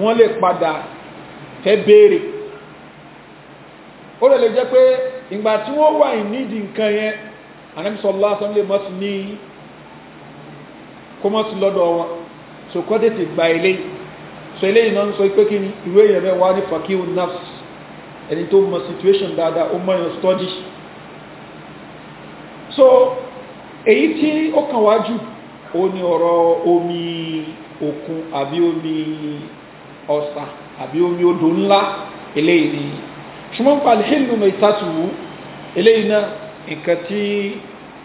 wọ́n lè padà fẹ́ béèrè ó lè lè jẹ́ pé ìgbà tí wọ́n wà ní ìdí nǹkan yẹn Ànábì sallallahu alaihi wasallam lè ní kó lọ́dọ̀ wọn so kọ́ tètè gba eléyìí so eléyìí náà ń sọ pé kí ni ìwé èèyàn mẹ́wàá ní fakiu nafs ẹni tó mọ situation dáadáa ó mọ̀ yàn study so èyí tí ó kàn wá jù ó ní ọ̀rọ̀ omi òkun àbí omi ọ̀sà àbí omi odò ńlá eléyìí ni ṣùgbọ́n pàlì hìlù mẹ́ ìtàtùwù eléyìí náà nǹkan tí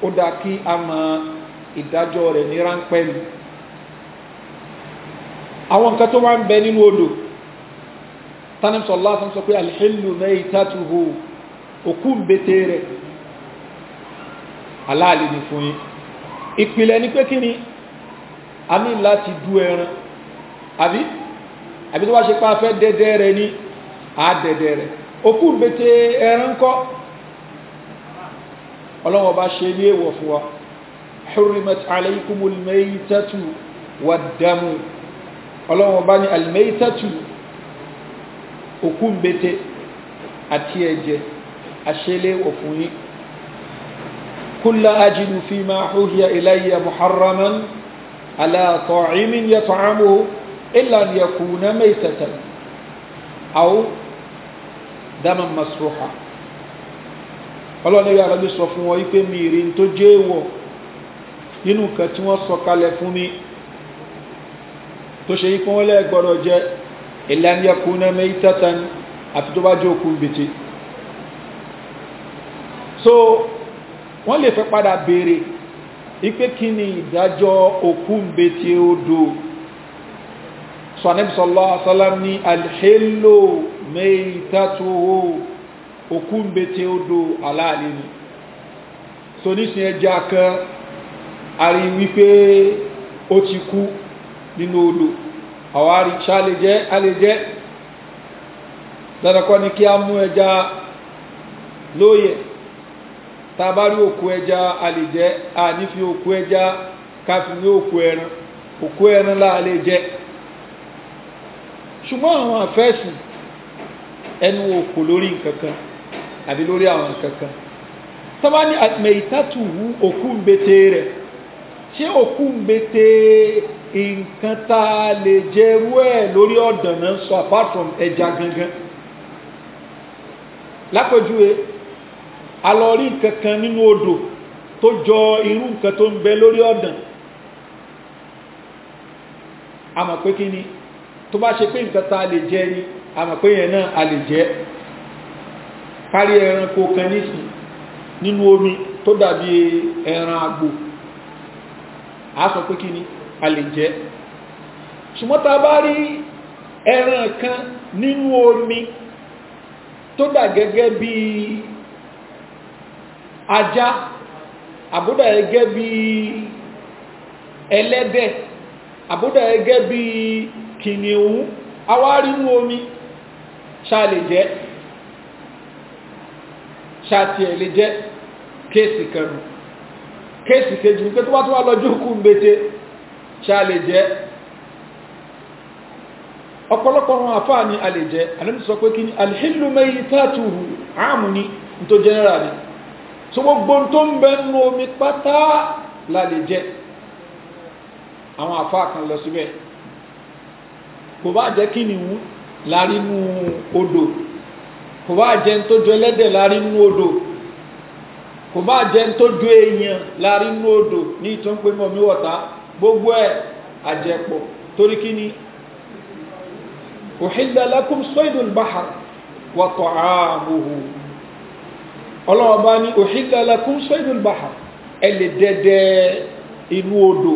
ó dá kí a mọ ìdájọ́ rẹ̀ ní ráńpẹ́ mi àwọn nǹkan tó máa ń bẹ nínú odò tánìm sọ̀lá sọ sọ pé alìhìlù mẹ́ ìtàtùhù òkú ń bété rẹ̀ aláàlì ní fún yín ìpìlẹ̀ ní pé kí ni a ní láti dú ẹran àbí àbí tó wá ṣe pá fẹ́ dẹ́dẹ́ rẹ̀ ní àádẹ́dẹ́ rẹ̀ òkú bètè ẹran kọ́ ọlọ́wọ́ bá ṣe ní èwọ̀ fún wa hurrimat alaykumul maytatu wad damu ọlọ́wọ́ bá ní al maytatu òkú bètè àti ẹ̀jẹ̀ àṣẹléwọ̀ fún yín kulla ajidu fima huhiya ilayya muharraman ala ta'imin yat'amuhu illa an yakuna maytatan dama masruha ọlọ́ni bí alábí sọ fún wọn wípé mi ìrìn tó jẹ́ èèwọ̀ nínú nǹkan tí wọ́n sọ kalẹ̀ fún mi tó ṣe yí pé wọ́n lẹ́gbọ́dọ̀ jẹ́ ìlànà yakuna maytatan àti tó bá jẹ́ òkú gbètè so wọ́n lè fẹ́ padà béèrè ipé kí ni ìdájọ́ òkú gbètè odò sọ anẹ́bìsọ̀lọ́ ní alhélò mẹ́ìtàtòwò òkú ń bẹ tí ó do aláàlè ni so nísìn ẹja kan a rí wípé ó ti kú nínú odò àwọn àríṣà lè jẹ́ a lè jẹ́ dandan kọ́ ni kí a mú ẹja lóye tá a bá rí òkú ẹja a jẹ́ a ní òkú ẹja ká fi òkú ẹran òkú ẹran láà lè jẹ́ ṣùgbọ́n àwọn àfẹ́sùn ẹnu òkò lórí nkankan àbí lórí àwọn nkankan tọ́ba ní àtìmẹ̀yìtàtù wú òkú ń bete rẹ̀ ṣé òkú ń bete nǹkan tá a lè jẹrú ẹ̀ lórí ọ̀dàn náà sọ apart from ẹja gangan lápẹjúwe a lọ nínú odò tó jọ irú nǹkan tó ń bẹ lórí ọ̀dàn a pé kí ni tó bá ṣe pé nǹkan tá a lè jẹ ni àmọ̀pé yẹn náà a lè jẹ́ kárí ẹranko kan nísìn nínú omi tó dàbí ẹran àgbò a sọ pé kí ni a lè jẹ́ ṣùgbọ́n tá bá rí ẹran kan nínú omi tó dà gẹ́gẹ́ bí ajá àbúdà gẹ́gẹ́ bí ẹlẹ́dẹ̀ àbúdà gẹ́gẹ́ bí kìnìún awárínú omi ṣáà lè jẹ́ ṣáà tiẹ̀ lè jẹ́ kéèsì kẹrù kéèsì kejì wípé tó bá tó wá lọ́jọ́ òkú ń bete ṣáà lè jẹ́ ọ̀pọ̀lọpọ̀ wọn àfáà ni a lè jẹ́ alẹ́mí sọ pé kí ni alhílù tààtùrù àmù ní tó general ni gbogbo tó ń bẹ nínú omi pátá la lè jẹ́ àwọn àfáà kan lọ síbẹ̀ kò bá jẹ́ kí ni wọ́n larínú odò kò bá jẹ́ ń tó ju ẹlẹ́dẹ̀ larínú odò kò bá jẹ́ ń tó ju èèyàn larínú odò ní ìtọ́ ń pè mọ́ mi wọ̀ta gbogbo ẹ̀ àjẹpọ̀ torí kí ni uhilla lakum saydul bahar wa ta'amuhu bá ní uhilla lakum saydul ẹ lè dẹ́dẹ́ inú odò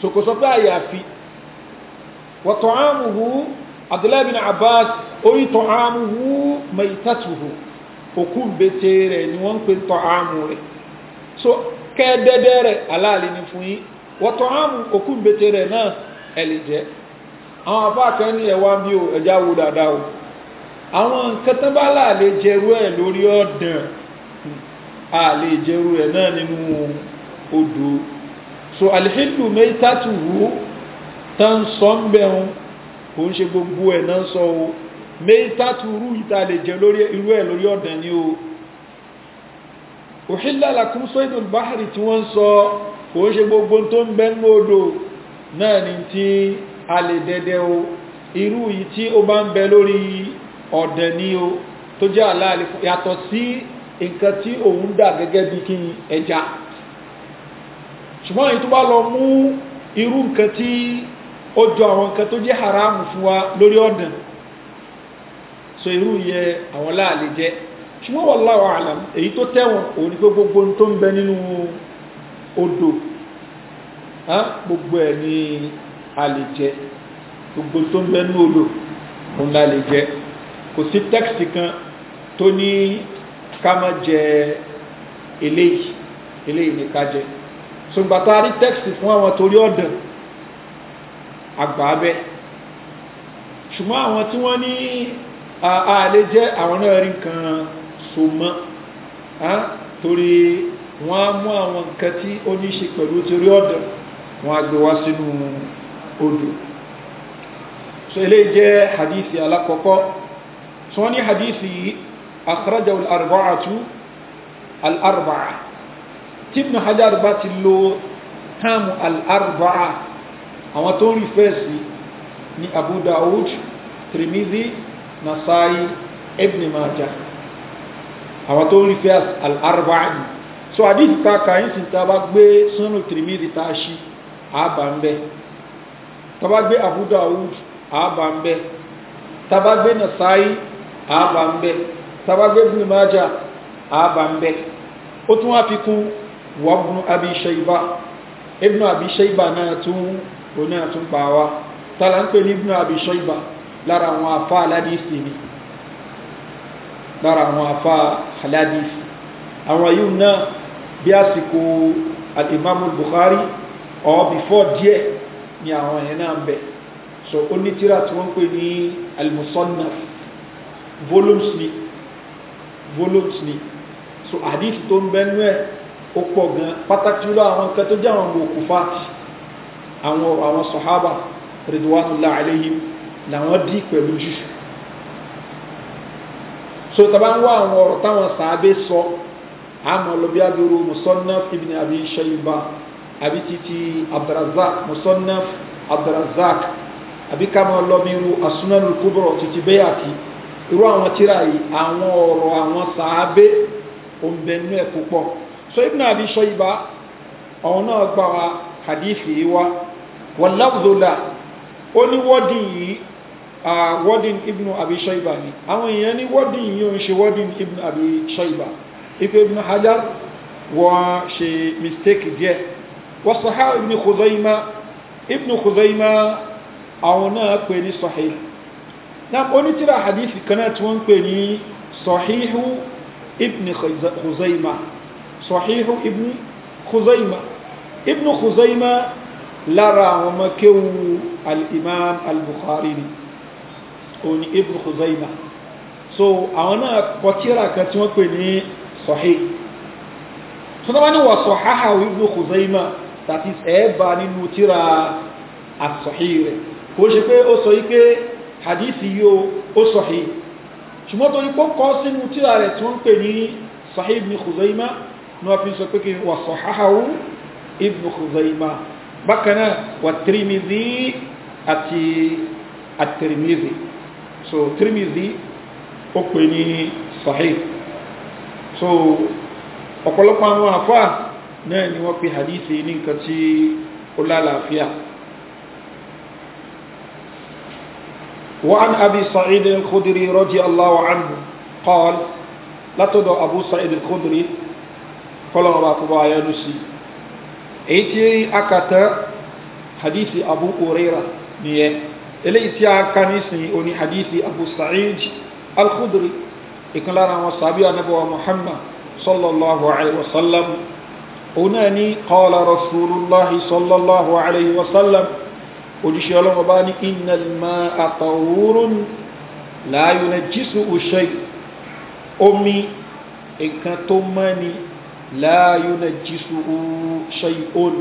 sòkòsọ́pẹ́ àyàfi wa ta'amuhu abdullahi bin abbas ó ní ta'amuhu maitatuhu òkú bete rẹ̀ ni wọ́n ń pè ta'amu rẹ̀ so kẹ́ẹ̀dẹ́dẹ́ rẹ̀ aláàlì ni fún yín wa ta'amu òkú bete rẹ̀ náà ẹ lè jẹ àwọn afáàkẹ́ ní o ẹja wo dáadáa o àwọn nǹkan tán bá láàlè jẹrú ẹ̀ lórí ọ̀dàn àlè jẹrú ẹ̀ náà nínú odò so tá ń sọ ń bẹ̀rún kò ń ṣe gbogbo ẹ̀ náà sọ o mẹ́tàtù rú ìta lè jẹ lórí irú ẹ̀ lórí ọ̀dàn ni o òhìlá làkún sọ́yìnbó báhárì tí wọ́n ń sọ kò ń ṣe gbogbo tó ń bẹ́ ní odò náà ni tí a lè dẹ́dẹ́ o irú yìí tí ó bá ń bẹ lórí ọ̀dàn ni o tó jẹ́ aláàlẹ́ yàtọ̀ sí nǹkan tí òun dà gẹ́gẹ́ bí kí ẹja ṣùgbọ́n èyí lọ mú irú nǹkan tí ó jọ àwọn nǹkan tó jẹ́ haramu fún wa lórí ọ̀nà so irú yẹ àwọn láàlè jẹ ṣùgbọ́n wallahu alam èyí tó tẹ̀wọ̀n òun ni pé gbogbo tó ń bẹ nínú odò gbogbo ẹ̀ ni a lè jẹ gbogbo tó ń bẹ nínú odò òun la lè kò sí tẹ́kìtì kan tó ní ká má jẹ eléyìí eléyìí ni ká jẹ ṣùgbọ́n tá rí tẹ́kìtì fún àwọn torí ọ̀dàn àgbà abẹ́ ṣùgbọ́n àwọn tí wọ́n ní ààlẹ́ jẹ́ àwọn náà rí nǹkan so mọ́ torí wọ́n á mú àwọn nǹkan tí ó ní ṣe pẹ̀lú torí ọ̀dọ̀ wọ́n á gbé wá sínú odò so eléyìí jẹ́ hadithi alákọ̀ọ́kọ́ tí wọ́n ní hadithi yìí al-arba'atu al-arba'a tí ibn hajar bá ti lo táàmù al-arba'a àwọn tó rí fẹ́ sí ní Abu Dawud Trimizi, Nasai Ibn Majah àwọn tó rí fẹ́ al-arba'in so àdìsí ta kàyín sí ta bá gbé sunu Tirmidhi ta ṣí àbá ta bá gbé Abu Dawud àbá ń bẹ ta bá gbé Nasai àbá ń bẹ ta bá gbé Ibn Majah àbá ń bẹ ó tún wá fi kún wàbùn Abi Shayba Ibn Abi Shayba náà tún oní àtúngbà wa tààlà ń pè ní ibùnú àbí ṣọ́ìbà lára àwọn afá aládìsí ni lára àwọn afá aládìsí àwọn yìí náà bí àsìkò alìmọ́mù buhari ọ̀ bífọ́ díẹ̀ ni àwọn yẹn náà ń so onítìrà tí wọ́n ń pè ní almusonnaf volumes ni volumes ni so àdìsí tó ń bẹ́nu ẹ̀ ó pọ̀ gan pàtàkì jùlọ àwọn nǹkan tó jẹ́ àwọn òkú fáàtì àwọn àwọn sọ̀hábà ridwanullah alayhim làwọn dí pẹ̀lú jù so tàbá ń wá àwọn ọ̀rọ̀ táwọn sàábé sọ àmọ́ lọ bí abiru musannaf ibn abi shayba àbí titi abdurazak musannaf abdurazak àbí kámọ́ lọ bí irú kúbọ̀rọ̀ titi bayati irú àwọn tíra yìí àwọn ọ̀rọ̀ àwọn sàábé òǹbẹ̀nú ẹ̀ púpọ̀ so ibn abi shayba ọ̀hún náà gbà wá hadithi wa wàlábùdólà ó ní wọ́dìn yìí wọ́dìn ibn abi shaiba ni àwọn èèyàn ní wọ́dìn yìí ó ń ṣe wọ́dìn ibn abi shaiba ipe ibn hajar wọ́n ṣe mistake díẹ̀ wọ́n sọ̀há ibn khuzaima ibn khuzaima àwọn náà pè ní sahih náà onítìrà hadith kan náà tí wọ́n pè ní sahihu ibn khuzaima sahihu ibn khuzaima ibn khuzaima lára àwọn ọmọ kéwu al-imam al-bukhari ni òní ibn khuzaima so àwọn náà kọtíra kan tí wọ́n pè ní sahih tó náà ní wà sahaha ibn khuzaima that is ẹ̀ẹ́bà nínú tíra as-sahih rẹ̀ kò ṣe pé ó sọ wípé hadithi yóò ó sahih ṣùgbọ́n tó ní pọ́kọ́ sínú tíra rẹ̀ tí wọ́n pè ní sahih ibn khuzaima ní wọ́n fi sọ pé kí wà sahaha ibn khuzaima bákanáà wà tirimizi àti àtirimizi so tirimizi ó pè ní sahih so ọ̀pọ̀lọpọ̀ àwọn àfáà náà ni wọ́n pè hadithi ní nǹkan tí ó lálàáfíà وعن أبي سعيد الخدري رضي الله عنه قال لا تدع أبو سعيد الخدري قال ربك بايا نسي èyí tí akàtà hadithi abu huraira nìyẹn eléyìí tí a kà nísìnyí ó ní hadithi abu sa'id al-khudri ìkan lára àwọn sàbí anábọ̀wá muhammad sallallahu alayhi wa sallam òun náà ní qala rasulullahi sallallahu alayhi wa sallam òjíṣẹ́ ọlọ́mọ bá ní innal ma'a tahurun la yunajjisuhu shay omi nǹkan tó mọ́ ni la yunajjisuhu shay'un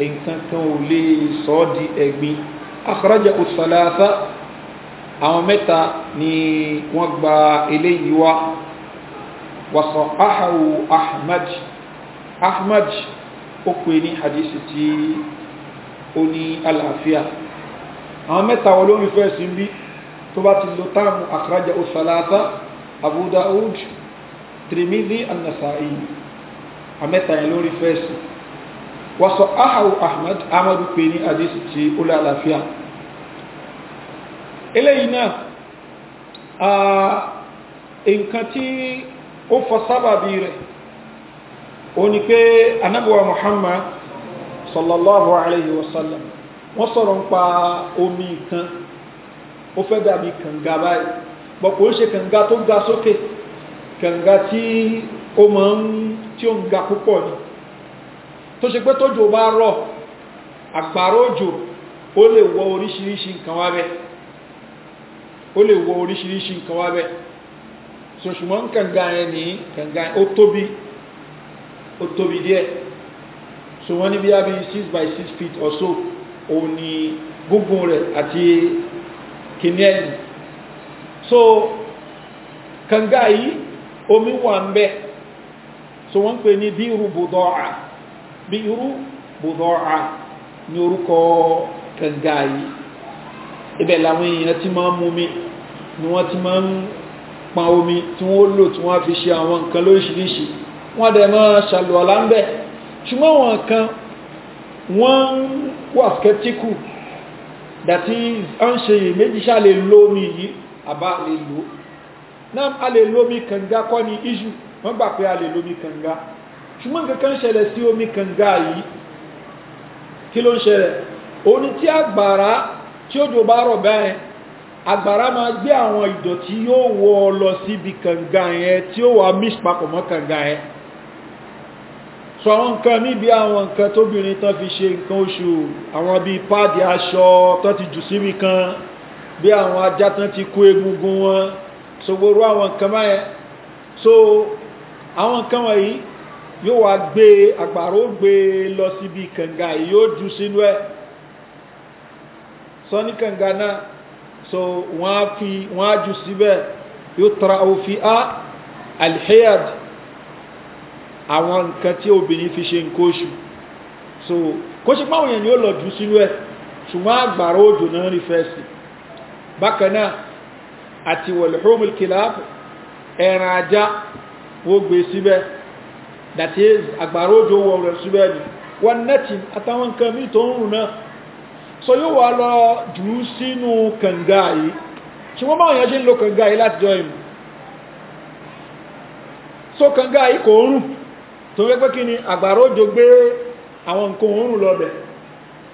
nǹkan kan ò lè sọ ọ́ di ẹ̀gbin akhraja uthalatha àwọn mẹ́ta ni wọ́n gba eléyìí wá wàsàn ahawu ahmad ahmad ó pè ní hadisi tí ó ní àlàáfíà àwọn mẹ́ta wọ́n ló ń fẹ́ sí bí tó bá ti lo táàmù akhraja uthalatha abu Tirmidhi an-Nasa'i àmẹ́ta yẹn lórí fẹ́ẹ̀sì wọ́n sọ ahawu Ahmad Ahmad pé ní hadith tí ó lálàáfíà eléyìí náà nǹkan tí ó fọ sábàbí rẹ̀ ó ní pé anábíwá Muhammad sallallahu alayhi wa sallam wọ́n sọ̀rọ̀ ń pa omi kan ó fẹ́ dàbí kànga báyìí bọ̀ kò ṣe kànga tó ga sókè. So kànga tí ó máa ń tí ó ń ga púpọ̀ ni tó ṣe pé tójò bá rọ̀ àpárá òjò ó lè wọ oríṣiríṣi nǹkan wá bẹ́ ó lè wọ oríṣiríṣi nǹkan wá bẹ́ so ṣùgbọ́n kànga yẹn ní kànga ó tóbi ó tóbi díẹ̀ so wọ́n ní bí i six by six feet or so òun ni gúngun rẹ̀ àti kìnìún so kànga yìí omi wà ń bẹ so wọ́n ń pè ní bíru budoa bíru budoa ní orúkọ kànga yìí ibẹ̀ làwọn èèyàn ti máa ń mú mi ni wọ́n ti máa ń pa omi tí wọ́n lò tí wọ́n fi ṣe àwọn nǹkan lóríṣiríṣi wọ́n dẹ̀ máa ṣàlùwàlá ń bẹ̀ ṣùgbọ́n wọn kan wọ́n wà skeptical that is ọ́n ṣe yìí méjì ṣáà lómi yìí àbá lè lò ó Nam a lè e, lo kànga kọ́ e, ni iṣu wọ́n gbà pé a lè lo omi kànga ṣùgbọ́n e. kankan ṣẹlẹ̀ sí omi kànga yìí kí ló ń ṣẹlẹ̀ òun tí àgbàrá tí òjò bá rọ̀ báyẹn àgbàrá máa gbé àwọn ìdọ̀tí yóò wọ ọ lọ síbi kànga yẹn tí ó wà mix papọ̀ mọ́ kànga yẹn so àwọn nǹkan níbi àwọn nǹkan tóbìnrin tán fi ṣe nǹkan oṣù àwọn bíi páàdì aṣọ tán ti jù síbi kan bí àwọn ajá tán ti kó egungun wọn so gbogbo àwọn nǹkan báyẹn so àwọn nǹkan wọ̀nyí yóò wá gbé àgbàrá ó gbé lọ síbi kànga yìí yóò jù sínú ẹ̀ sọ́ní kànga náà so wọ́n á fi wọ́n á jù síbẹ̀ yóò tara òfin á alhiyad àwọn nǹkan tí obìnrin fi ṣe nǹkan oṣù so kó ṣe páwọn èèyàn ni ó lọ jù sínú ẹ̀ ṣùgbọ́n àgbàrá òjò náà rí fẹ́ sí bákan náà àti wọ̀lùhùmùl kìláàb ẹran ajá wó gbé síbẹ̀ that is àgbàrá òjò wọ̀ rẹ̀ síbẹ̀ ni wọ́n nẹ́tì àtàwọn nǹkan mí tó ń rùn náà so yóò wá lọ jù ú sínú kànga yìí tí wọ́n máa yẹn ṣe ń lo kànga yìí láti jọ ìmú so kànga yìí kò rùn tó wípé kí ni àgbàrá òjò gbé àwọn nǹkan òórùn lọ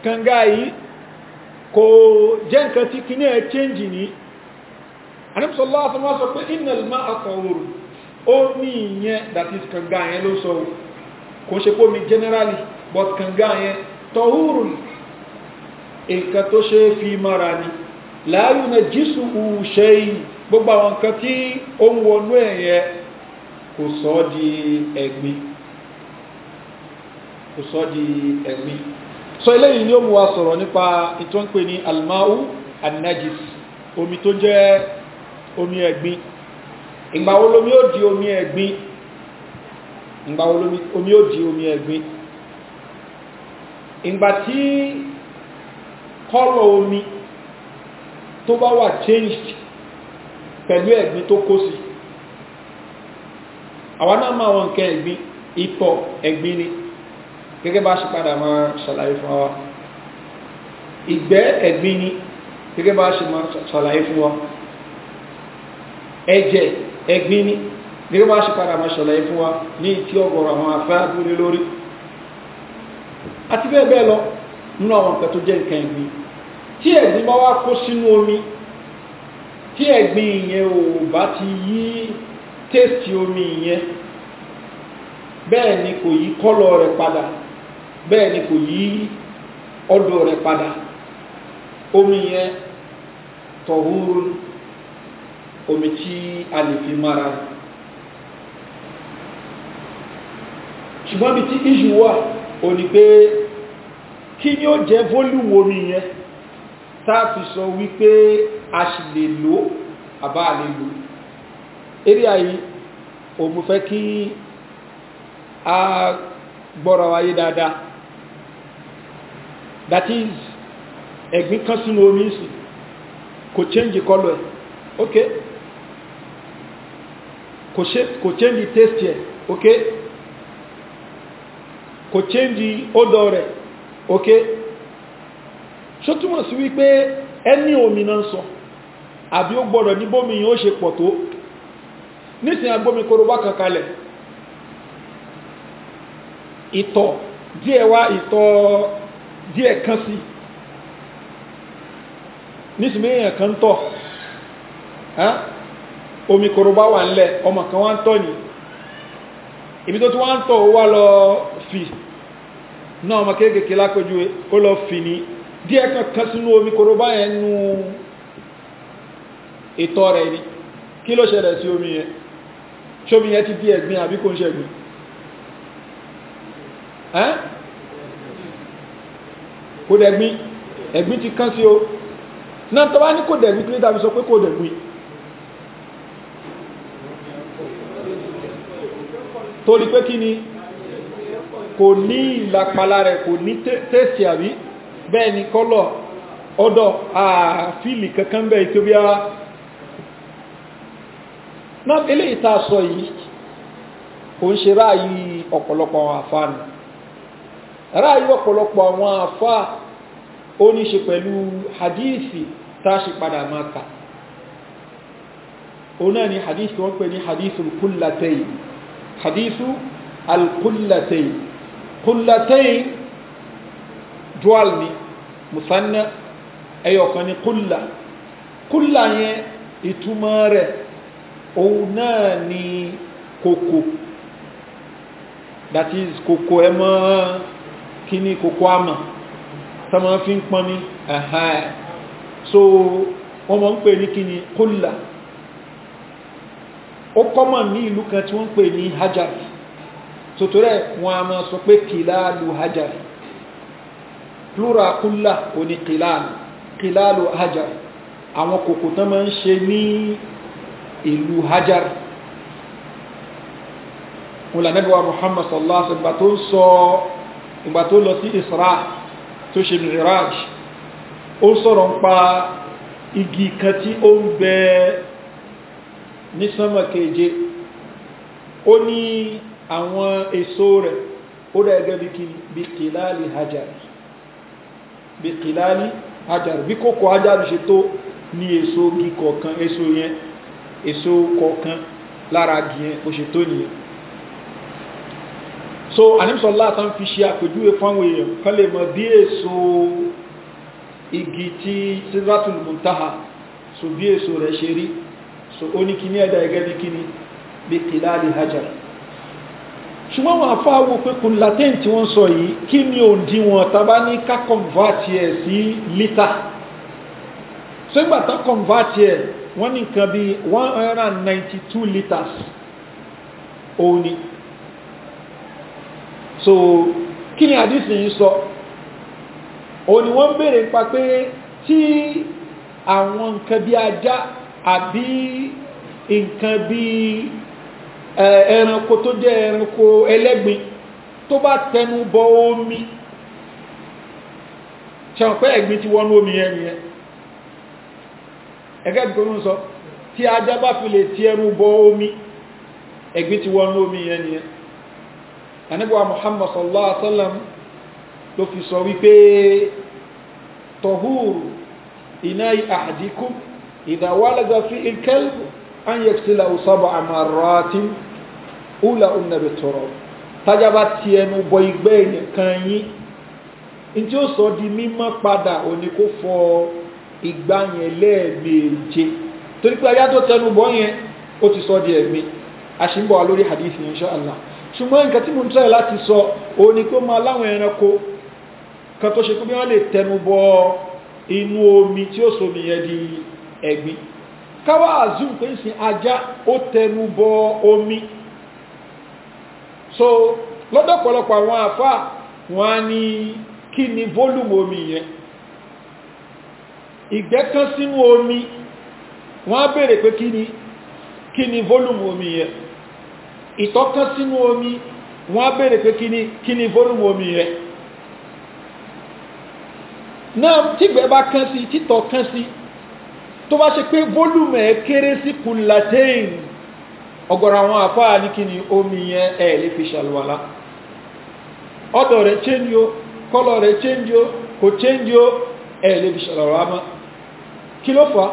kànga yìí kò jẹ́ nǹkan tí kí ní ẹ̀ change ní anamsọlá àtọmọ sọ pé ìnàlùmá àtọwòrò ó ní ìyẹn that is kànga yẹn ló sọ kò ṣe pómi generally but kànga yẹn tọhúrù nǹkan tó ṣe fi mara ni láàyò na jísù ṣe gbogbo àwọn nǹkan tí ó ń wọnú ẹ̀ kò sọ di ẹ̀gbin kò sọ di ẹ̀mí sọ eléyìí ni ó mú wa sọ̀rọ̀ nípa ìtọ́ ń pè ní almau annajis omi tó jẹ́ omi ẹ̀gbin ìgbà wo lomi ó di omi ẹ̀gbin ìgbà wo lomi ó di omi ẹ̀gbin ìgbà tí kọ́lọ̀ omi tó bá wà changed pẹ̀lú ẹ̀gbin tó kó sí àwọn náà máa wọn nǹkan ẹ̀gbin ìtọ̀ ẹ̀gbin ni gẹ́gẹ́ bá ṣe padà máa ṣàlàyé fún wa ìgbẹ́ ẹ̀gbin ni gẹ́gẹ́ bá ṣe máa ṣàlàyé fún wa ẹ̀jẹ̀ ẹ̀gbin ni gẹ́gẹ́ bá ṣe padà máa ṣàlàyé fún wa ní tí ọgọ̀rọ̀ àwọn afẹ́ àdúró lórí àti bẹ́ẹ̀ bẹ́ẹ̀ lọ nínú àwọn nǹkan tó jẹ́ nǹkan ẹ̀gbin tí ẹ̀gbin bá wá kó omi tí ẹ̀gbin ìyẹn ò bá ti yí tẹ́sì omi ìyẹn bẹ́ẹ̀ ni kò yí kọ́lọ̀ rẹ̀ padà bẹ́ẹ̀ ni kò yí ọdọ̀ rẹ̀ padà omi yẹn tọ̀húrú omi tí a lè fi mara ni ṣùgbọ́n bí tí iṣu wà o ní pé kí ni ó jẹ́ volume omi yẹn táà fi sọ wípé a sì lè lò àbá lè lò eré ayé o mú fẹ́ kí a gbọ́ra wáyé dáadáa that is ẹ̀gbín kan sínú omi sí kò change color ok kò change taste yẹ ok kò change odor rẹ̀ ok ṣó túmọ̀ sí wípé ẹni omi náà sọ àbí ó gbọ́dọ̀ ní bómi yóò ṣe pọ̀ tó nísìnyí agbómi korobá kankalẹ̀ ìtọ̀ díẹ̀ wá ìtọ̀ díẹ̀ kan sí nísìnyí èèyàn kan tọ̀ omi korobá wà ńlẹ̀ ọmọ kan wá ń tọ̀ ní ibi tó tí wá ń tọ̀ ó wá lọ fi náà ọmọ kéékèèké lápẹjú ó lọ fi ní díẹ̀ kankan sínú omi korobá yẹn nú ìtọ̀ rẹ̀ ni kí ló ṣẹlẹ̀ sí omi yẹn ṣómi yẹn ti di ẹ̀gbin àbí kò ń ṣẹ̀gbin kò dẹ̀gbin ẹ̀gbin ti kán sí o náà tọ́wá ní kò dẹ̀gbin kí ló dàbí sọ pé kò dẹ̀gbin torí pé kí ni kò ní ìlàpàlà rẹ̀ kò ní tẹ́sì àbí bẹ́ẹ̀ ni kọ́lọ̀ ọdọ̀ àfíìlì kankan bẹ́ẹ̀ tó bí ara náà ilé ìta sọ yìí kò ń ṣe ráàyí ọ̀pọ̀lọpọ̀ àwọn àfá nì ráàyí ọ̀pọ̀lọpọ̀ àwọn àfá ó ní ṣe pẹ̀lú hadithi tá a ṣe padà máa kà ó náà ni hadithi wọ́n pè ní hadithul kullatayn hadithu alkullatain kullatain dual ni musanna ẹyọkan ni kulla kulla yẹn ìtumọ̀ rẹ̀ òun náà ni kòkò that is kòkò ẹ mọ́ kíní kòkò àmà tọ́mọ́ fi ń pọ́n mi so wọ́n mọ̀ ń pè ní kíní kulla ó kọ́mọ̀ ní ìlú kan tí wọ́n ń pè ní hajar sotorẹ́ wọn a máa sọ pé kìláàlù hajar plural kúlà òní kìláàlù kìláàlù hajar àwọn kòkò tán máa ń ṣe ní ìlú hajar múlànẹ́bíwá muhammad sallallahu alaihi wasallam tó ń sọ ìgbà tó lọ sí isra tó ṣe miraj ó sọ̀rọ̀ ń pa igi kan tí ó ń bẹ́ẹ̀ ní sánmà keje ó ní àwọn èso rẹ̀ ó dà gẹ́gẹ́ bí kìláàlì hajar bí kìláàlì hajar bí kòkó hajar ṣe tó ní èso igi kọ̀ọ̀kan èso yẹn èso kọ̀ọ̀kan lára igi yẹn ó ṣe tó nìyẹn so anamsọlá àtàn fi ṣe àpèjúwe fáwọn èèyàn kan lè mọ bí èso igi tí sidratul muntaha so bí èso rẹ̀ ṣe rí so oni ní kíní ẹ̀dá gẹ́gẹ́ bí kíní bí kìláàlì hajar ṣùgbọ́n wọn afá wo pé kò latin tí wọ́n sọ yìí kí ni òǹdíwọ̀n tàbá ní ká convert ẹ̀ sí lítà sọ́gbà tá convert ẹ̀ wọ́n ní nǹkan bí one hundred and ninety two litres oni so kí ni àdìsí yìí sọ òun ni wọ́n béèrè pa pé tí àwọn nǹkan bí ajá àbí nǹkan bíi ẹranko tó jẹ́ ẹranko ẹlẹ́gbin tó bá tẹnu bọ omi ṣẹ̀wọ̀n pé ẹ̀gbin ti wọnú omi yẹn nìyẹn ẹgẹ́ bí kò ń sọ tí ajá bá fi lè ti ẹnu bọ omi ẹ̀gbin ti wọnú omi yẹn nìyẹn àníbọ̀ Muhammad sallallahu alaihi wasallam ló fi sọ wípé tọ̀húrù iná ahadikum إذا ولد في الكلب أن يغسله سبع مرات أولاهن بالتراب tájà bá ti ẹnu bọ igbẹ́ èèyàn kan yín ntí ó sọ di mímọ́ padà òní kó fọ ìgbà yẹn lẹ́ẹ̀méje torí pé ayá tó tẹnu bọ́ yẹn ó ti sọ di ẹ̀mí àṣìbọ̀ wa lórí hadith insha Allah ṣùgbọ́n nǹkan tí mo ń tẹ́lẹ̀ láti sọ òní kó máa láwọn ẹranko kan tó ṣe kó bí wọ́n lè tẹnu bọ inú omi tí ó sọ mi yẹn di ẹ̀gbin Kawa azum pé ń ajá omi so lọ́dọ̀ pọ̀lọpọ̀ àwọn àfà wọn á ní kí ni volume omi yẹn ìgbẹ́kán omi wọ́n á bèèrè pé kini volum kí ni volume omi yẹn ìtọ́kán omi wọ́n á bèèrè pé kini volum omi yẹn na tígbẹ́ ba kán sí títọ́ tó bá ṣe pé volume ẹ̀ kéré sí kùlàtẹ́yìn ọ̀gọ̀rọ̀ àwọn àfáà ní kí ni omi yẹn ẹ̀ lè fi ṣàlùwàlá ọ̀dọ̀ rẹ̀ change o kọ́lọ̀ rẹ̀ change o kò change o ẹ̀ lè fi ṣàlùwàlá mọ́ kí ló fà á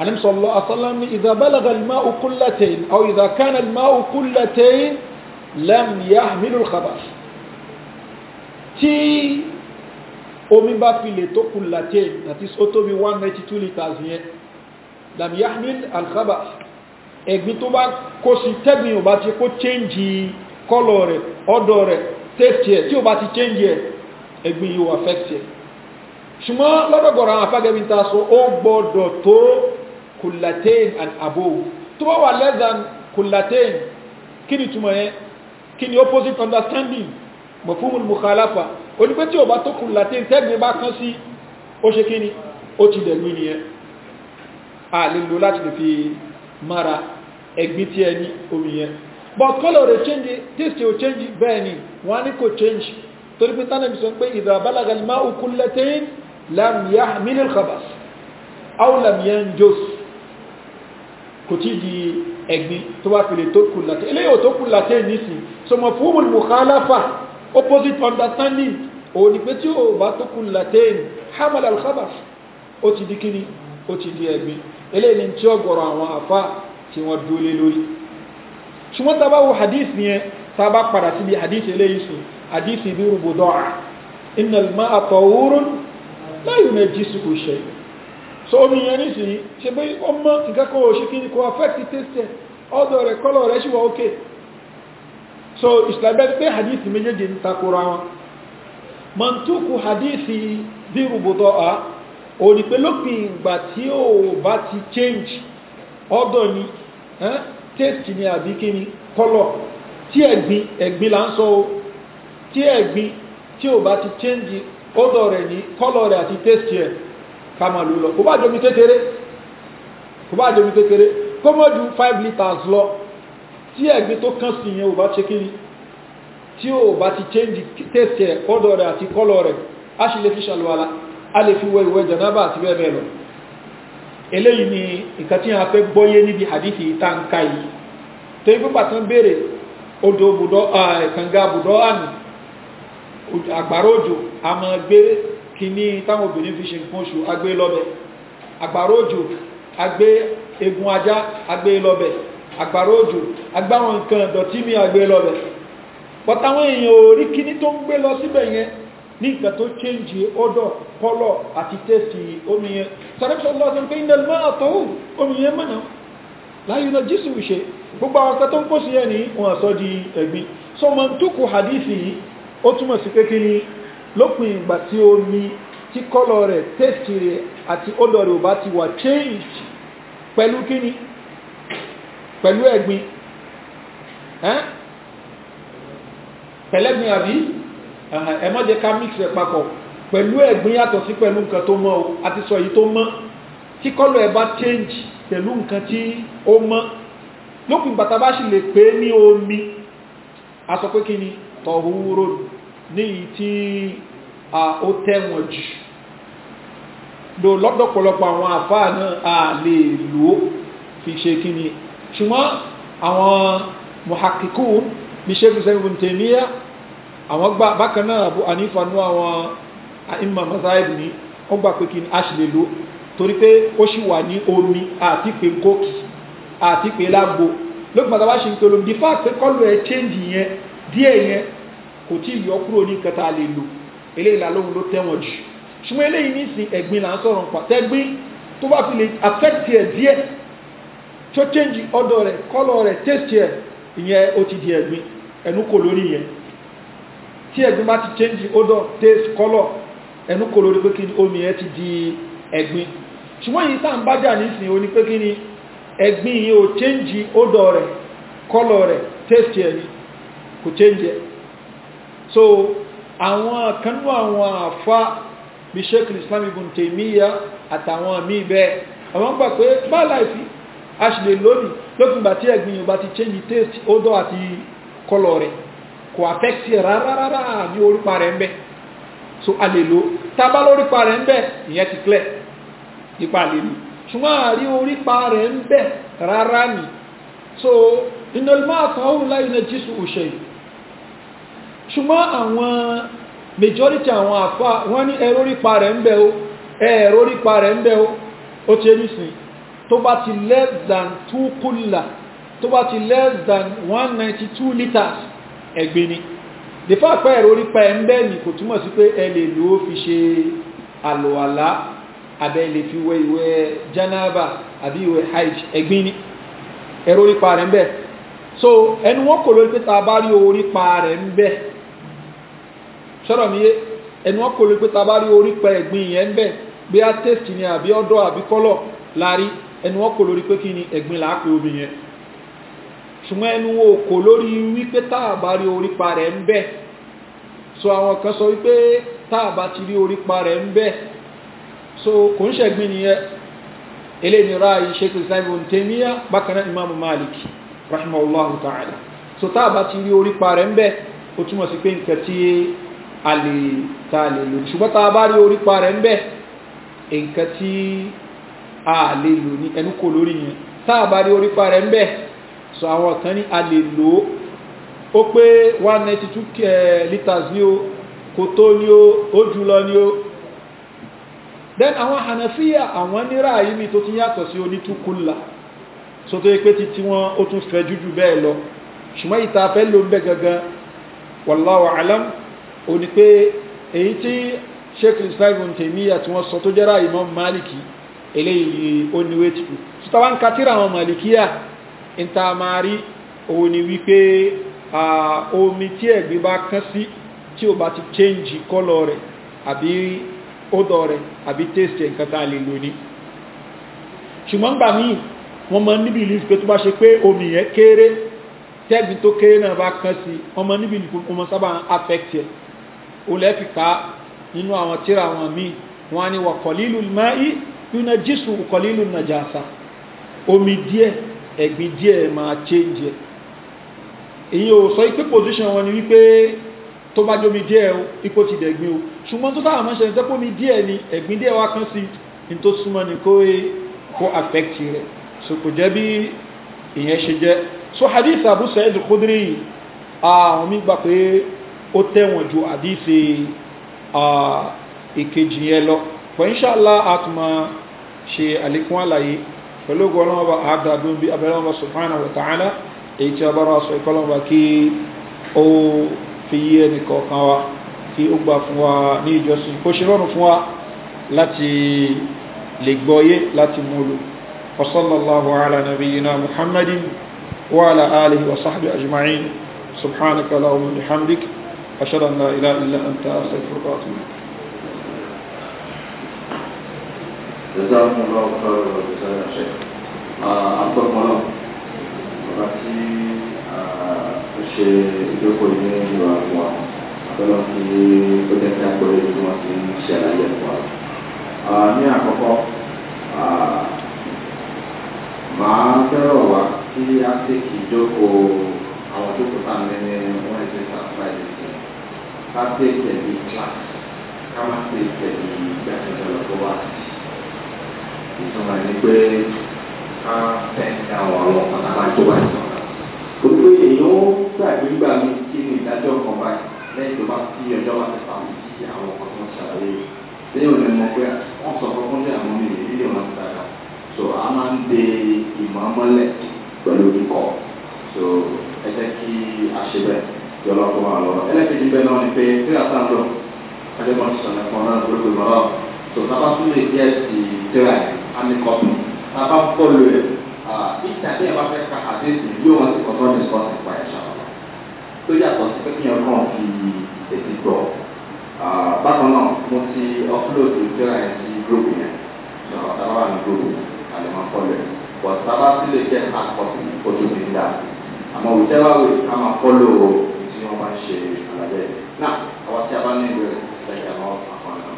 anam sallallahu alaihi wasallam ni idha balagha al-ma'u qullatayn aw idha kana al-ma'u qullatayn lam yahmilu al tí omi bá fi lè tó kùlàtẹ́yìn that is ó tóbi 192 litres yẹn lam yahmil alkhaba ẹ̀gbin tó bá kó sí tẹ́gbin ò bá ti kó chẹ́ǹjì kọ́lọ̀ rẹ̀ ọ̀dọ̀ rẹ̀ tẹ́tì ẹ̀ tí ò bá ti chẹ́ǹjì ẹ̀ ẹ̀gbin yóò affect ẹ̀ ṣùgbọ́n lọ́dọ̀gọ̀rọ̀ àwọn afẹ́gẹ́bí ta sọ ó gbọ́dọ̀ tó kùlàtẹ́n and above tó bá wà less than kùlàtẹ́n Kini ni túmọ̀ Kini opposite understanding mọ̀fúnmù mukhalafa onígbé tí ò bá tó kùlàtẹ́n tẹ́gbin bá kán sí ó ṣe kí ni ó ti dẹ̀lú nìyẹn a lè lo láti lè fi mara ẹ̀gbin tí ẹ omi yẹn but color rẹ̀ change taste ò change bẹ́ẹ̀ ni wọ́n á ní kò change torí pé tánà mi sọ pé idha balaga al-ma'u kullatayn lam yahmil al-khabas aw lam yanjus kò tí di ẹ̀gbin tó bá fi lè tó kullatayn eléyìí ò tó kullatayn nísìn so mafhumul mukhalafa opposite understanding òun ni pé tí ò bá tó kullatayn hamal al-khabas ó ti di kíni ó ti di ẹ̀gbin eleni ti goro awon afa ti won dole lori sumo taba wo hadith ni ta ba pada si bi hadith eleyi so hadith bi rubudaa inna al-ma'a tawurun la yunajisu ku shay so omi yen si se bi o mo nkan ko o se kini ko affect taste o do re color re si wa okay so islam be hadith meje din ta quran man tuku hadithi bi rubudaa ò ní pé lópin ìgbà tí ò bá ti change ọ̀dọ̀ ni taste ni àbí kí ni kọ́lọ̀ tí ẹ̀gbin ẹ̀gbin là ń sọ o tí ẹ̀gbin tí ò bá ti change ọ̀dọ̀ rẹ̀ ní kọ́lọ̀ rẹ̀ àti taste ẹ̀ ká máa lò lọ kó bá jomi kékeré kó bá jomi kékeré kó mọ́ ju five litres lọ tí ẹ̀gbin tó kàn sí yẹn ò bá ṣe kí ni tí ò bá ti change taste ẹ̀ ọ̀dọ̀ rẹ̀ àti kọ́lọ̀ rẹ̀ á sì lè fi ṣàlùwàlà a lè fi wẹ ìwẹ̀ jẹ̀nàbà àti bẹ́ẹ̀ bẹ́ẹ̀ lọ eléyìí ni nǹkan tí a fẹ́ gbọ́yé níbi hadithi táǹkà yìí tó yí pípa tán béèrè odò bùdọ́ kànga bùdọ́ àmì àgbàrá òjò a máa gbé kíní táwọn obìnrin fi ṣe nǹkan oṣù agbé lọ́bẹ̀ àgbàrá òjò agbé egun ajá agbé lọ́bẹ̀ àgbàrá òjò agbáwọn nǹkan ìdọ̀tí mi agbé lọ́bẹ̀ pọ̀tàwọn èèyàn ò kíní tó ń gbé lọ síbẹ̀ yẹn ní nǹkan tó change odor color àti taste omi yẹn sàrẹ́bíṣọ́ lọ́wọ́ sọ pé iná ló máa tọ́wọ́ omi yẹn mọ̀nà láyé náà jésù ṣe gbogbo àwọn kan tó ń kó sí yẹn ní wọn sọ di ẹ̀gbin so mọ̀ tó kù hadithi yìí ó túmọ̀ sí pé kí ni lópin ìgbà tí omi tí color rẹ̀ taste rẹ̀ àti odor rẹ̀ ò bá ti wà change pẹ̀lú kí ni pẹ̀lú ẹ̀gbin pẹ̀lẹ́gbin àbí ẹ má jẹ́ ká mix ẹ̀ papọ̀ pẹ̀lú ẹ̀gbin yàtọ̀ sí pẹ̀lú nǹkan tó mọ́ o àti sọ èyí tó mọ́ tí kọ́lọ̀ ẹ̀ bá change pẹ̀lú nǹkan tí ó mọ́ lópin bàtà bá sì lè pé ní omi a sọ pé kí ni tọ̀húrò ní èyí tí ó tẹ̀wọ̀n jù lò lọ́dọ̀pọ̀lọpọ̀ àwọn àfáà náà a lè lò ó fi ṣe kí ni ṣùgbọ́n àwọn muhakikun bí ṣe fi tèmíyà àwọn gbà bákan náà Abu Hanifa nú àwọn imam masáyìbù ní ó gbà pé kí ni a sì lè lo torí pé ó sì wà ní omi àti pé kókì àti pé lágbo lókùn bàtà bá ṣe ń pe olómi dífà pé kọ́lù ẹ̀ chẹ́ǹjì yẹn díẹ̀ yẹn kò tí ì yọ kúrò ní nǹkan tá a lè lò eléyìí la lóhun ló tẹ̀wọ̀n jù ṣùgbọ́n eléyìí nísìn ẹ̀gbin là ń sọ̀rọ̀ nípa tẹ́gbin tó bá fi lè affect ẹ̀ díẹ̀ tó chẹ́ǹjì ọ̀dọ̀ rẹ̀ kọ́lọ̀ rẹ̀ taste ẹ̀ ìyẹn ó ti di ẹ̀gbin ẹnu kò lórí yẹn tí ẹ̀gbin bá ti change odor taste color ẹnu kò lórí pé kí ni omi ẹ ti di ẹ̀gbin ṣùgbọ́n yìí tá à ń bájà nísìnyí o ní pé kí ni ẹ̀gbin yìí ò change odor rẹ̀ color rẹ̀ taste ẹ̀ ni kò change ẹ̀ so àwọn kanú àwọn àfa bí sheikh islam ibn taymiya àtàwọn míì bẹ́ẹ̀ àwọn gbà pé bá láìsí a sì lè lónìí lópin ìgbà tí ẹ̀gbin yìí ò bá ti change taste odor àti color rẹ̀ kò affect rárá rárá ní orípa rẹ̀ ń bẹ so a lè lò tábà lórípa rẹ̀ ń bẹ ìyẹn ti clear nípa lè ṣùgbọ́n àrí orípa rẹ̀ ń bẹ rárá ni so ìnàlùmọ́ àtàwọn láyé náà jésù òṣèlú ṣùgbọ́n àwọn majority àwọn àfá wọ́n ní ẹ̀rọ rípa rẹ̀ ń bẹ o ẹ̀rọ rípa rẹ̀ ń bẹ o ó ti rí sí tó bá ti less than two kúlà tó bá ti less than two litres ẹ̀gbin ni the fact pé ẹ̀rọ orípa ẹ̀ ń bẹ́ẹ̀ ni kò túmọ̀ sí pé ẹ lè lò ó fi ṣe àlùwàlá abẹ́ lè fi wẹ ìwẹ̀ janaba àbí ìwẹ̀ hajj ẹ̀gbin ni ẹ̀rọ orípa rẹ̀ ń bẹ́ẹ̀ so ẹnu wọn kò lórí pé tá a bá rí orípa rẹ̀ ń bẹ́ẹ̀ sọ̀rọ̀ mi yé ẹnu wọn kò lórí pé tá a bá rí orípa ẹ̀gbin yẹn ń bẹ́ẹ̀ bí a tẹ́sì ni àbí ọ̀dọ́ àbí kọ́lọ̀ láàrí ẹnu wọn kò lórí pé kí ni ẹ̀gbin làá pé obìnrin yẹn ṣùgbọ́n ẹnu wọn kò lórí wípé táàbà rí orípa rẹ̀ ń bẹ so àwọn kan sọ wípé táàbà ti rí orípa rẹ̀ ń bẹ so kò ń ṣẹ̀gbìn nìyẹn eléyìí ráàyè Sheikh Islam Ibn Taymiyyah bákan náà Imam Malik rahimahullahu ta'ala so táàbà ti rí orípa rẹ̀ ń bẹ ó túmọ̀ sí pé nǹkan tí a lè ta lè lò ṣùgbọ́n táàbà rí orípa rẹ̀ ń bẹ nǹkan tí a lè lò ní ẹnu kò lórí yẹn táàbà rí orípa rẹ̀ ń bẹ so àwọn kan ní a lè lò ó ó pé one ninety two eh, litres ní o kò tó ní o ó jù lọ ní o then àwọn hanafiya àwọn nira yìí mi tó ti yàtọ̀ sí onítúkúlà so tó yẹ pé títí wọn ó tún fẹ́ jújù bẹ́ẹ̀ lọ ṣùgbọ́n ìta fẹ́ ló ń bẹ́ gangan wallahu alam ó ní pé èyí tí sheikh islam ibn taymiya tí wọ́n sọ tó jẹ́ra imam maliki eléyìí ó níwé tìkú so táwọn katira àwọn malikiya ìta máa rí òun wípé omi tí ẹ̀gbin bá kán sí tí o bá ti change kọ́lọ̀ rẹ̀ àbí ódọ̀ rẹ̀ àbí taste nǹkan tá a lè lò ní ṣùgbọ́n gbà míì wọ́n mọ níbi ìlú pé tó bá ṣe pé omi yẹn kéré tẹ́gbin tó kéré náà bá kán sí wọ́n mọ níbi ìlú wọ́n sábà ń affect ẹ̀ o lẹ́ẹ̀fì ká nínú àwọn tíra àwọn míì wọ́n á ní wà kọ̀lílù máì yúnà jísù kọ̀lílù nàjàsà omi díẹ̀ ẹ̀gbin díẹ̀ máa change ẹ̀ èyí ò sọ ipé position wọn ni wípé tó bá jómi díẹ̀ ipò ti dẹ̀gbin o ṣùgbọ́n tó sábà máa ń ṣẹlẹ̀ tẹ́pọ̀ mi díẹ̀ ni ẹ̀gbin díẹ̀ wá kan sí ní tó súnmọ́ ni kó kó affect rẹ̀ so kò jẹ́ bí ìyẹn ṣe jẹ́ so hadith abu sa'id khudri àwọn mi gbà pé ó tẹ̀wọ̀n ju hadith èkejì yẹn lọ pọ̀ inṣàlá àtùmọ̀ ṣe àlékún àlàyé pẹ̀lú ògùn ọlọ́wọ́ bá àádọ́dún bí abẹ́rẹ́ wọn subhanahu wa ta'ala èyí tí a bára sọ ìkọlọ́wọ́ bá kí ó fi yí ẹnì kọ̀ọ̀kan wa kí ó gbà fún wa ní ìjọsìn kó ṣe rọrùn fún wa láti lè gbọ́yé láti múlò wasallallahu ala nabiyyina muhammadin wa ala alihi wa sahbihi ajma'in subhanaka lahumma bihamdik ashhadu an la ilaha illa anta astaghfiruka wa atubu ilayk جزاكم الله خيرا وجزانا خيرا àpẹ̀kọ́nà ọba tí ó ṣe ìjókòó ilé ìlú àwọn àpẹ̀lọ́ kí ó jẹ́ kí àpẹẹrẹ tí wọ́n ti ń ṣe àlàyé ẹ̀kọ́ àwọn. ní àkọ́kọ́ màá fẹ́ràn wá kí á sì kì í jókòó àwọn tó kó tàn ní wọ́n ti ta fáìlì sí i ká sì tẹ̀lé class ká má sì tẹ̀lé ìgbà tó lọ ìtumọ̀ ní pé ká tẹ̀sí àwọn ọlọ́pàá náà láti wá sí ọ̀la. Gbogbo èèyàn ó gbàgbé gbà mí kí ni ìdájọ́ kan báyìí lẹ́yìn tó bá fi ọjọ́ wá sí pàmò sí àwọn ọkọ̀ tó ń ṣàlàyé. Lẹ́yìn òní mọ̀ pé wọ́n sọ fún fúnjẹ́ àwọn So a máa ń de ìmọ̀ mọ́lẹ̀ pẹ̀lú kíkọ. So ẹ jẹ́ kí a ṣe bẹ́ẹ̀ yọ lọ́kọ́ máa lọ. Ẹlẹ́kejì bẹ́ẹ̀ náà ni pé tí a sá lọ, Adébọ̀n sọ̀rọ̀ fún ọ náà lórí ìmọ̀ràn. So amikọtù bàbá fọlù rẹ ìtàn tí yàrá fẹ́ ka àdéhùn yóò wọn ti kọ́tọ́ ní sọ́ọ̀sì pa ẹ̀ṣọ́ tó yàtọ̀ sí pé kíyàn kàn fi ètí gbọ̀ bákan náà mo ti upload ìjọra ẹ̀ sí gúrúùpù yẹn sọ̀rọ̀ tá a bá wà ní gúrúùpù àlẹ́ máa fọlù rẹ bọ̀ tá a bá sì lè jẹ́ àkọsí ojú mi dá àmọ́ òjẹ́wà wò ká máa fọlù o tí wọ́n máa ń ṣe àlàyé náà àwọn tí a bá ní ìwé rẹ̀ lẹ́yìn àwọn àkọ́nà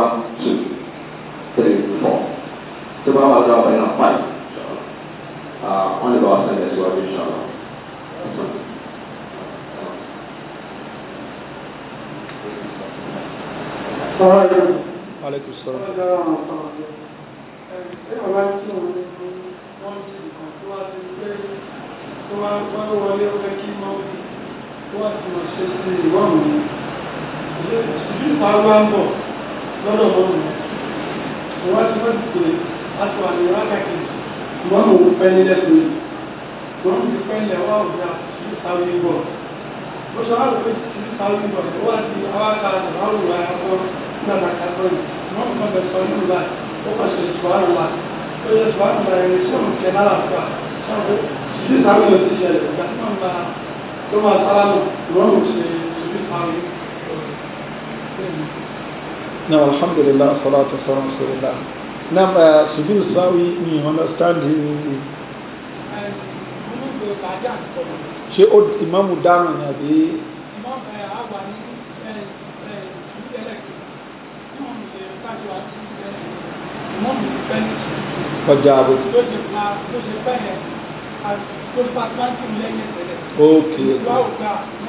one two three four tó bá wà lọ́wọ́ ẹ̀ náà five wọ́n lè bá wa sẹ́yìn ẹ̀síwájú ìṣọ̀rọ̀. Aleykum salaam. Ṣé bàbá tí òun wọ́n ti kàn tó wá ti pé tó wá wọ́n wọlé ó fẹ́ kí mọ́ tó wá ti mọ̀ ṣe sí ìwọ́n mi? Ṣé ìdí ìpàrọ̀ wá ń bọ̀ lọ́dọ̀ mọ́ mi? wọ́n ti wọ́n ti pè láti wà ní wákàtí wọ́n mú pẹ́ ní lẹ́sùn wọ́n ti pẹ́ ní ẹ̀wọ́ ọ̀gbìn àti sáwọn ìbọ̀ ó sọ wá lópe ti sáwọn ìbọ̀ tó wá sí awáka àwọn ìwà ẹ̀kọ́ nígbà kàtọ́ yìí wọ́n mú bẹ̀ sọ ní ìlà ó kọ̀ sí ìṣòwárò wa ó yẹ ìṣòwárò wa ẹni sọ̀rọ̀ kẹ lálàáfíà sọ̀rọ̀ sí sáwọn ìbọ̀ ti ṣẹlẹ̀ ìgbà tó máa tó máa sálámù wọ́n mú ṣe ìṣòwárò Now, alhamdulillah, salatu salam, sallallahu Now, uh, Sujud Sawi, you understand the... ṣé ó ìmáàmù dáràn ni àbí. ọjà àbò. ok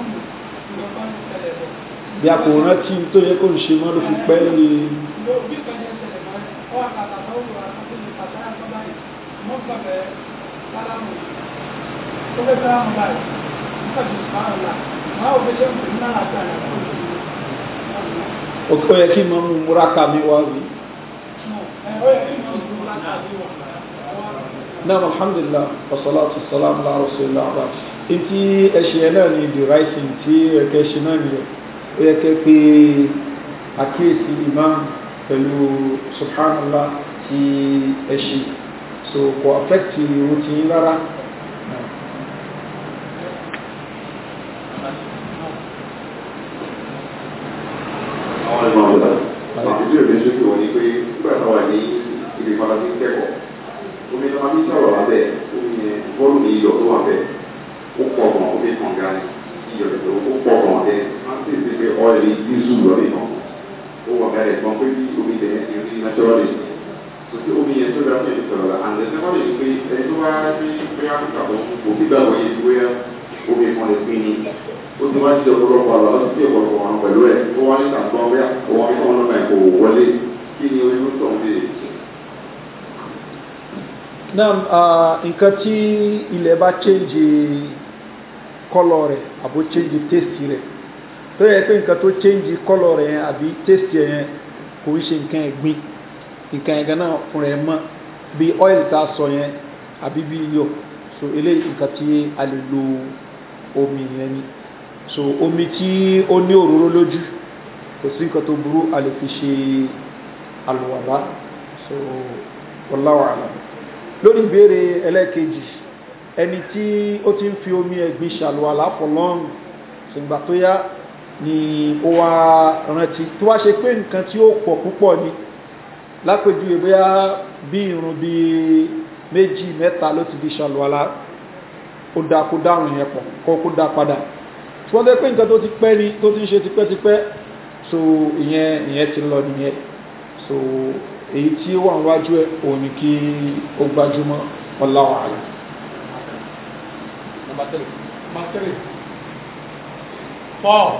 bí a kò rántí tó yẹ kó ń ṣe mọ́ ló fi pẹ́ lè ó yẹ kí mọ́ mú múraka mi wá rí náà alhamdulillah wasalatu salam ala rasulillah ntí ẹ̀ṣẹ̀ náà ni the right thing tí ẹ̀kẹ́ ṣe náà nìyẹn ó yẹ kẹ́ pé àkíyèsí imam pẹ̀lú subhanallah ti ẹ̀ṣin so kò affect irun ti yín rárá. àwọn ìmọ̀ ọ̀dọ́ àti tí òbí ṣe kúrò ní pé nígbà táwa ní sọ̀rọ̀ lábẹ́ omi yẹn bọ́ọ̀lù ní iyọ̀ tó wà bẹ́ẹ̀ ó pọ̀ gan omi kan gan iyọ̀ tó ó pọ̀ gan bẹ́ẹ̀ tí èsì pé ọ̀rẹ́ dísù lọ́rẹ̀ kan ó wà ká ẹ̀gbọ́n pé bí omi ilẹ̀ yẹn ti rí naturally so tí omi yẹn tó dáa fún ẹ̀mí sọ̀rọ̀ la and the second is pé ẹni tó wá ní pé áfíríkà tó ń kó bí gbàgbọ́ yẹn wé omi kan lè o ní ó ti wá ti ọ̀pọ̀lọpọ̀ àlọ́ ó ti ti ọ̀pọ̀lọpọ̀ àwọn pẹ̀lú rẹ̀ ó wá ní sàǹtọ́ bí àwọn ọmọ ọmọ náà kò wọlé kí ni orí ló sọ̀ ń bèèrè. Naam, nǹkan tí ilẹ̀ bá change kọ́lọ̀ rẹ̀ àbó change taste rẹ̀ tó yẹ pé nǹkan tó change colour rẹ̀ yẹn àbí taste yẹn kò ń ṣe nǹkan ẹ̀gbin nǹkan ẹ̀gbin náà fún rẹ̀ mọ́ bí oil tá a sọ yẹn àbí bí iyọ̀ so eléyìí nǹkan tí a lè lo omi yẹn ni so omi tí ó ní òróró lójú kò sí nǹkan tó burú a lè fi ṣe àlùwàlá so wallahu lórí ìbéèrè ẹlẹ́ẹ̀kejì ẹni tí ó ti ń fi omi ẹ̀gbin ṣàlùwàlá for long ṣùgbà tó yá ni ó wá rántí tó wá ṣe pé nǹkan tí ó pọ̀ púpọ̀ ni lápèjúwe bóyá bí irun bí méjì mẹ́ta ló ti di ṣàlùwàlá ó dá kó dáhùn yẹn pọ̀ kó kó dá padà tí wọ́n tẹ́ pé nǹkan tó ti pẹ́ ni tó ti ń ṣe tipẹ́tipẹ́ so ìyẹn ìyẹn ti lọ nìyẹn so èyí tí ó wà níwájú ẹ̀ òun ni kí ó gbajúmọ̀ ọláwà rẹ̀. number three. four.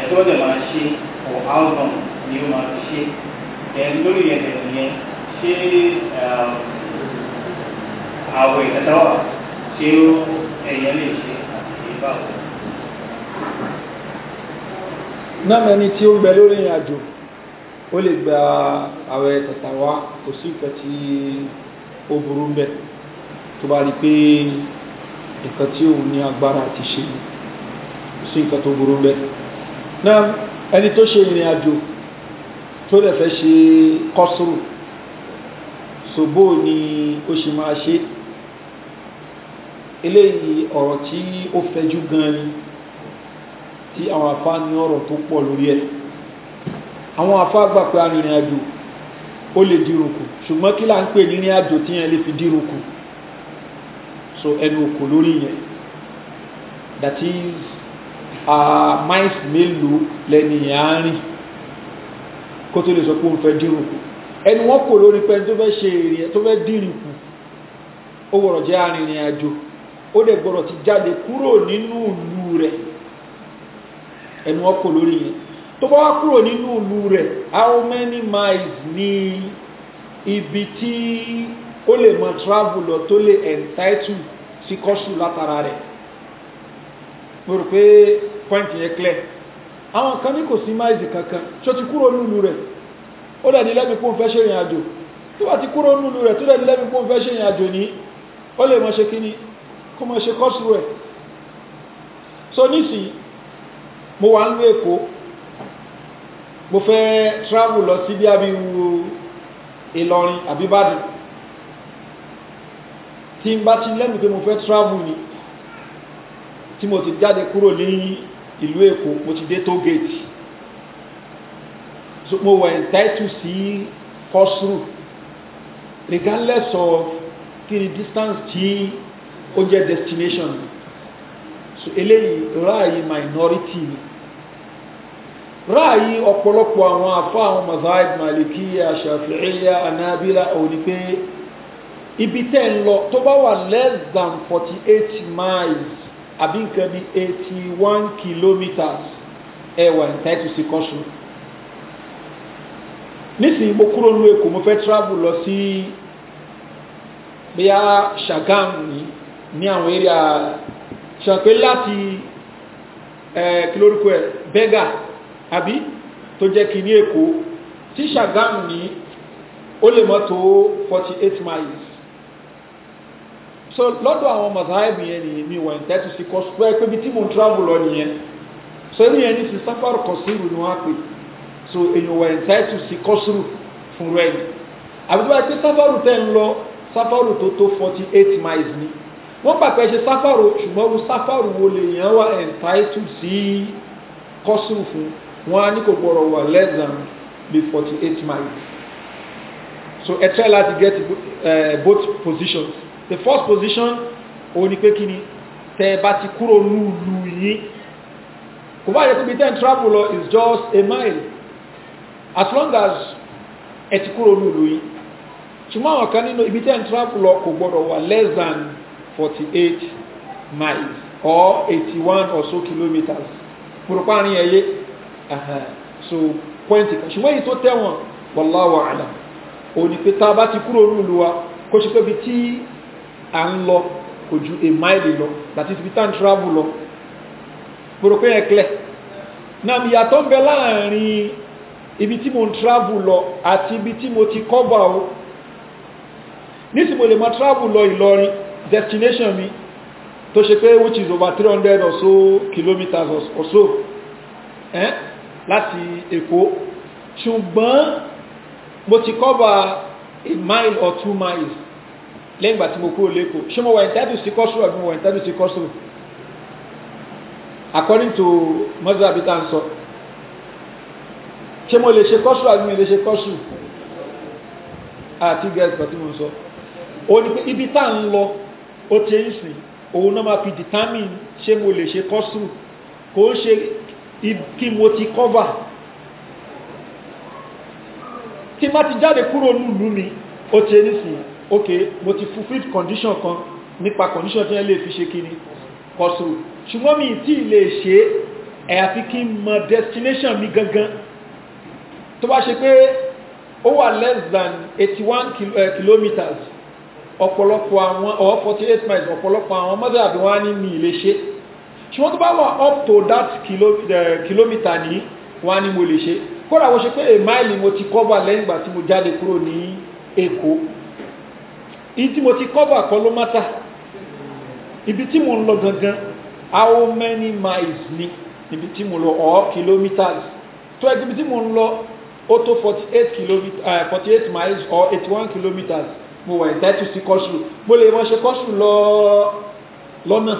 ẹni tó dẹ̀ máa ṣe for how long ni ó máa fi ṣe ẹni lórí yẹn dẹ̀ nìyẹn ṣé um, àwẹ̀ ìdádáwà ṣé ẹ̀yẹ lè ṣe àti ìbáwò. náà ẹni tí ó gbẹ lórí ìrìn àjò ó lè gba àwẹ̀ tàtàwá kò sí nǹkan tí ó burú ń bẹ̀ tó bá rí pé nǹkan tí òun ní agbára àti ṣe sí nǹkan tó burú ń bẹ̀ náà ẹni tó ṣe ìrìn àjò tó dẹ̀ fẹ́ ṣe kọ́sùrù ṣòbó ni ó ṣe máa ṣe eléyìí ọ̀rọ̀ tí ó fẹjú gan ni tí àwọn afá ní ọ̀rọ̀ tó pọ̀ lórí ẹ̀ àwọn afá gbà pé arìnrìn àjò ó lè dírùkù ṣùgbọ́n kí là ń pè nírìn àjò tí yẹn lè fi dírùkù so ẹnu òkò lórí yẹn that is miles mélòó lẹ́ni àárín kó tó lè sọ pé ó ń fẹ́ dírùn kù ẹni wọ́n kò lórí pẹ́ tó fẹ́ ṣe èrè tó fẹ́ dírùn kù ó wọ̀rọ̀ jẹ́ arìnrìn àjò ó dẹ̀ gbọ́dọ̀ ti jáde kúrò nínú ìlú rẹ̀ ẹni wọ́n kò lórí yẹn tó bá wá kúrò nínú ìlú rẹ̀ how many miles ni ibi tí ó lè mọ travel lọ tó lè entitle sí kọ́sù látara rẹ̀ mo rò pé point yẹn clear àwọn kan ní kò sí máìsì kankan tó ti kúrò nílùú rẹ̀ ó dẹ̀ ní lẹ́mi kó ń fẹ́ ṣe ìrìn àjò tó bá ti kúrò nílùú rẹ̀ tó dẹ̀ ní lẹ́mi fẹ́ ṣe ìrìn àjò ní ó lè mọ̀ ṣe kí ni kó mọ̀ ṣe kọ́sù rẹ̀ so nísìnyí mo wà ń lú èkó mo fẹ́ travel lọ sí bí abiru ìlọrin àbíbàdàn tí n bá ti lẹ́nu mo fẹ́ travel ni tí mo ti jáde kúrò ní ìlú èkó mo ti dé tógéètì so mo wà entitled sí kọ́sùrù regardless of kí distance tí ó jẹ́ destination so eléyìí ráàyè minority ni ráàyè ọ̀pọ̀lọpọ̀ àwọn àfáà àwọn mazahid malikiya shafi'iya anabila òní ibi tẹ́ ń lọ tó bá wà less than forty eight miles àbí nǹkan bí eighty one kilometres ẹ wà entitled sí caution nísìnyí mo kúrò nínú èkó mo fẹ́ travel lọ sí bóyá shagam ni ni àwọn area ṣàpé láti kí lórúkọ ẹ̀ bẹ́gà àbí tó jẹ́ kí ní èkó tí Ṣàgámù ní ó lè mọ́ forty eight miles so lọ́dọ̀ àwọn mazahib yẹn ni mi wọ̀ ǹtẹ́tù sí kọ́ sùpẹ́ pé bí tí mo travel lọ nìyẹn so ẹni yẹn ní sí sáfàrù kọ́sùrù ni wọ́n á pè so èyàn wọ̀ ǹtẹ́tù sí kọ́sùrù fún rẹ̀ ni àbí tó bá pé sáfàrù tẹ́ ń lọ sáfàrù tó tó forty eight miles ni wọ́n pàpẹ́ ṣe sáfàrù ṣùgbọ́n wo sáfàrù wo lè yàn wá ǹtẹ́tù sí kọ́sùrù fún wọn á ní kò gbọ́dọ̀ wà less than be forty eight miles so ẹ try láti get uh, both positions the first position òun ni pé kí ni tẹ́ ẹ bá ti kúrò lúlu yìí kò bá yẹ kó bí ten travel lọ is just a mile as long as ẹ ti kúrò lúlu yìí ṣùgbọ́n àwọn kan nínú ibi ten travel lọ kò gbọ́dọ̀ wà less than 48 miles or 81 or so kilometres kúròpá àárín ẹ̀yẹ so point kan ṣùgbọ́n èyí tó tẹ̀wọ̀n wallahu a'lam òun ni pé tá a bá ti kúrò lúlu wa kó ṣe pé bí tí à ń lọ kò ju a mile lọ that is return travel lọ gbọ́dọ̀ pé yẹn clear náà ìyàtọ̀ ń bẹ láàrin ibi tí mo ń travel lọ àti ibi tí mo ti cover o nísì lè máa travel lọ Ìlọrin destination mi tó ṣe pé which is over 300 or so kilometers or so eh? láti Èkó ṣùgbọ́n mo ti cover a mile or two miles lẹ́yìn ìgbà tí mo kúrò lẹ́kọ̀ọ́ ṣé mo wà entitled sí kọ́sùrù àbí mo wà entitled sí kọ́sùrù according to mọ́sálà bí tá à ń sọ ṣé mo lè ṣe kọ́sùrù àbí mi lè ṣe kọ́sùrù àti gẹ́sì kan tí mo sọ ó ní pé ibi tá à ń lọ ó ti ń sìn òun náà máa fi determine ṣé mo lè ṣe kọ́sùrù kò ń ṣe kí mo ti cover tí má ti jáde kúrò nílùú mi ó ti ń sìn ok mo ti fulfilled condition kan nípa condition tí wọ́n lè fi ṣe kíni kọ̀sùrù ṣùgbọ́n mi tí lè ṣe àyàfi kí n mọ destination mi gangan tó bá ṣe pé ó wà less than eighty one eh, kilometers ọ̀pọ̀lọpọ̀ àwọn or forty eight miles ọ̀pọ̀lọpọ̀ àwọn mọ́tò àbí wọ́n á ní mi lè ṣe ṣùgbọ́n tó bá wà up to that eh, kilometer ní wọ́n á ní mo lè ṣe kódà wọ́n ṣe pé a mile mo ti cover lẹ́yìn ìgbà tí mo jáde kúrò ní Èkó in tí mo ti cover kọ́ ló mátà ibi tí mo ń lọ gangan how many miles ni ibi tí mo lọ or kilometers tó ẹgbẹ́ ibi tí mo ń lọ ó tó forty eight kilometers forty eight miles or eighty one kilometers mo wà ìdájú sí kọ́ṣù mo lè mọ̀ ṣe kọ́ṣù lọ lọ́nà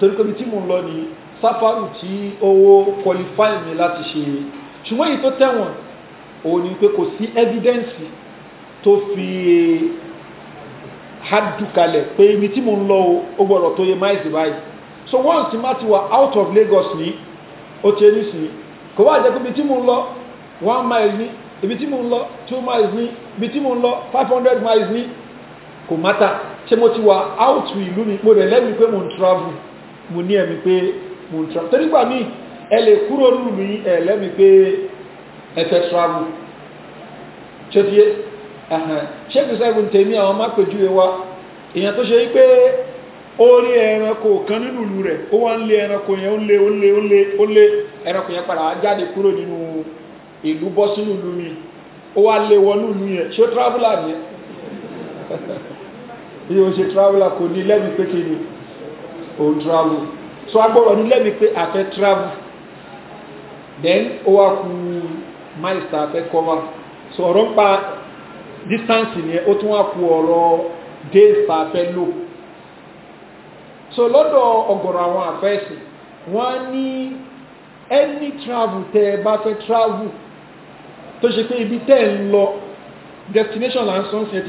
torí pé ibi tí mo ń lọ ni sáfàrù tí owó qualify mi láti ṣe ṣùgbọ́n èyí tó tẹ̀wọ̀n òun ni pé kò sí evidence tó fi hadu pé ibi tí mo ń lọ ó gbọ́dọ̀ tó yẹ máìsì báyìí so once tí má ti wà out of Lagos ní ó ti ẹni sí kò wá jẹ́ pé ibi tí mo ń lọ one mile ní ibi tí mo ń lọ two miles ní ibi tí mo ń lọ five hundred miles ní kò mátà ṣé mo ti wà out ìlú mi mo rẹ̀ lẹ́mìí pé mo ń travel mo ní ẹ̀mí pé mo ń travel torí gbà míì ẹ lè kúrò lù mí ẹ̀ lẹ́mìí pé ẹ fẹ́ travel ṣé ti yé ṣéèkì sẹ́gun tèmi àwọn mápèjúwe wa èèyàn tó ṣe wípé ó rí ẹranko kan nínú ìlú rẹ̀ ó wá ń lé ẹranko yẹn ó lé ó lé ó lé ó lé ẹranko yẹn padà jáde kúrò nínú ìlú bọ́ sínú ìlú mi ó wá lé wọnú ìlú yẹn ṣé ṣe kò ní pé kí ni travel so agbọ́rọ̀ ní pé travel then ó wá cover so ọ̀rọ̀ ń distance yẹn ó tún wá ku ọ̀rọ̀ days tá a fẹ́ lò so lọ́dọ̀ ọ̀gọ̀rọ̀ àwọn àfẹ́sì wọ́n ní any travel tẹ́ ẹ bá fẹ́ travel tó ṣe pé ibi tẹ́ ẹ ń lọ destination and sunset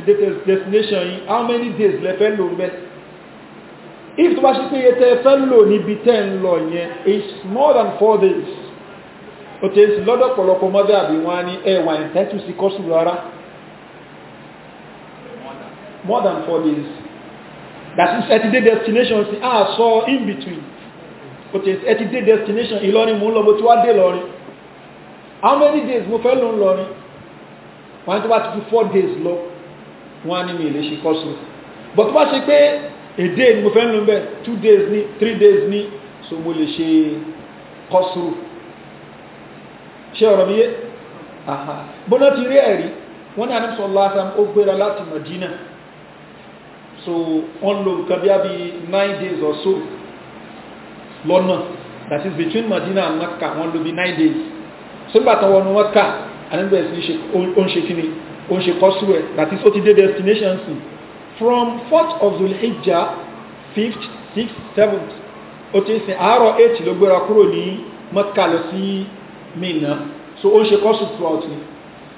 destination yìí how many days lẹ fẹ́ lò bẹ́ẹ̀ if tó bá ṣe pé iye tẹ́ ẹ fẹ́ lò níbi tẹ́ ẹ ń lọ yẹn is more than four days òtẹ́ sí lọ́dọ̀ pọ̀lọpọ̀ mọ́dà àbí wọn á ní ẹ̀wà ìtẹ́tù sí kọ́sùn rárá more than four days that is ẹti dé destination sí saw ah, sọ in between òtẹ̀ ẹti dé destination Ìlọrin mú lọ bó day wá how many days mo fẹ́ Why do lọrin wọ́n four days lọ one á ní mi lè ṣe but what she pay a day ni two days ni three days ni so mo lè She kọ́sù ṣé ọ̀rọ̀ mi yé bọ́nà ti rí ẹ̀rí wọ́n ní àníṣọ́ lásán ó gbéra láti Madina so wọ́n lo nǹkan bí nine days or so lọ́nà that is between Madina and Mecca wọ́n lo bí nine days so nígbà tán wọnú Mecca àníbẹ̀ sí ó ń ṣe kíni ó ń ṣe kọ́sù ẹ̀ that is ó ti dé destination sí from fourth of Zulhijja fifth sixth seventh ó ti sin àárọ̀ eight ló gbéra kúrò ní Mecca lọ sí Mina so ó ń ṣe kọ́sù throughout ni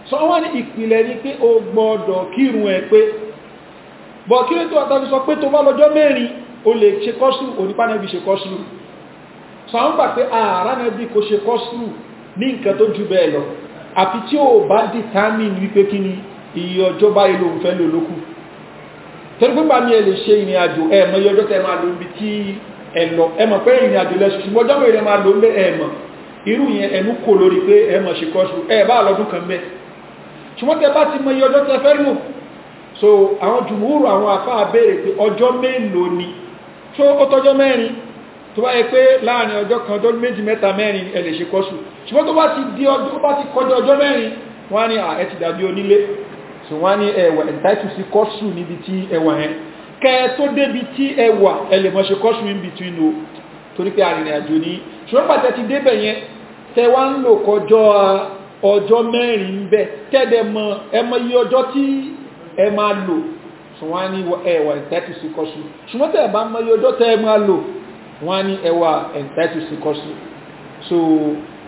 so wọ́n ní ìpìlẹ̀ ni pé ó gbọ́dọ̀ kírun ẹ̀ pé bọ̀ kí ló tó àtàbí sọ pé tó bá lọ́jọ́ mẹ́rin o lè ṣe kọ́sùrù onípánẹ́bí ṣe kọ́sùrù sọ àwọn gbà pé ààránẹ́bí kò ṣe kọ́sùrù ní nǹkan tó ju bẹ́ẹ̀ lọ àfi tí ó bá determine wípé kí ni iye ọjọ́ báyìí lòun fẹ́ lò lókù torí pé bàmí ẹ lè ṣe ìrìn àjò ẹ mọ iye ọjọ́ tẹ máa lò níbi tí ẹ lọ ẹ so àwọn jùmúrù àwọn àfáà béèrè pé ọjọ́ mélòó ni tó ó tọ́jọ́ mẹ́rin tó bá yẹ pé láàrin ọjọ́ kan ọjọ́ méjì mẹ́ta mẹ́rin ẹ lè ṣe kọ́sù ṣùgbọ́n tó bá ti di ọjọ́ bá ti kọjọ ọjọ́ mẹ́rin wọ́n ní ẹ ti dàbí onílé so wọ́n ní ẹwà entitled sí kọ́sù níbi tí ẹwà yẹn kẹ tó débi tí ẹwà ẹ lè mọ́ ṣe kọ́sù in between o torí pé arìnrìn àjò ní ṣùgbọ́n pàtẹ́ ti débẹ̀ yẹn tẹ wá ń lò kọjọ ọjọ́ mẹ́rin bẹ́ẹ̀ tẹ́ẹ̀dẹ̀ mọ ẹmọ iye ọjọ́ tí ẹ máa lò tí á ní ẹwà entitled sí kọ́sù ṣùgbọ́n tẹ́ ẹ bá mọ iye ọjọ́ tẹ́ ẹ máa lò wọ́n á ní ẹwà entitled sí kọ́sù so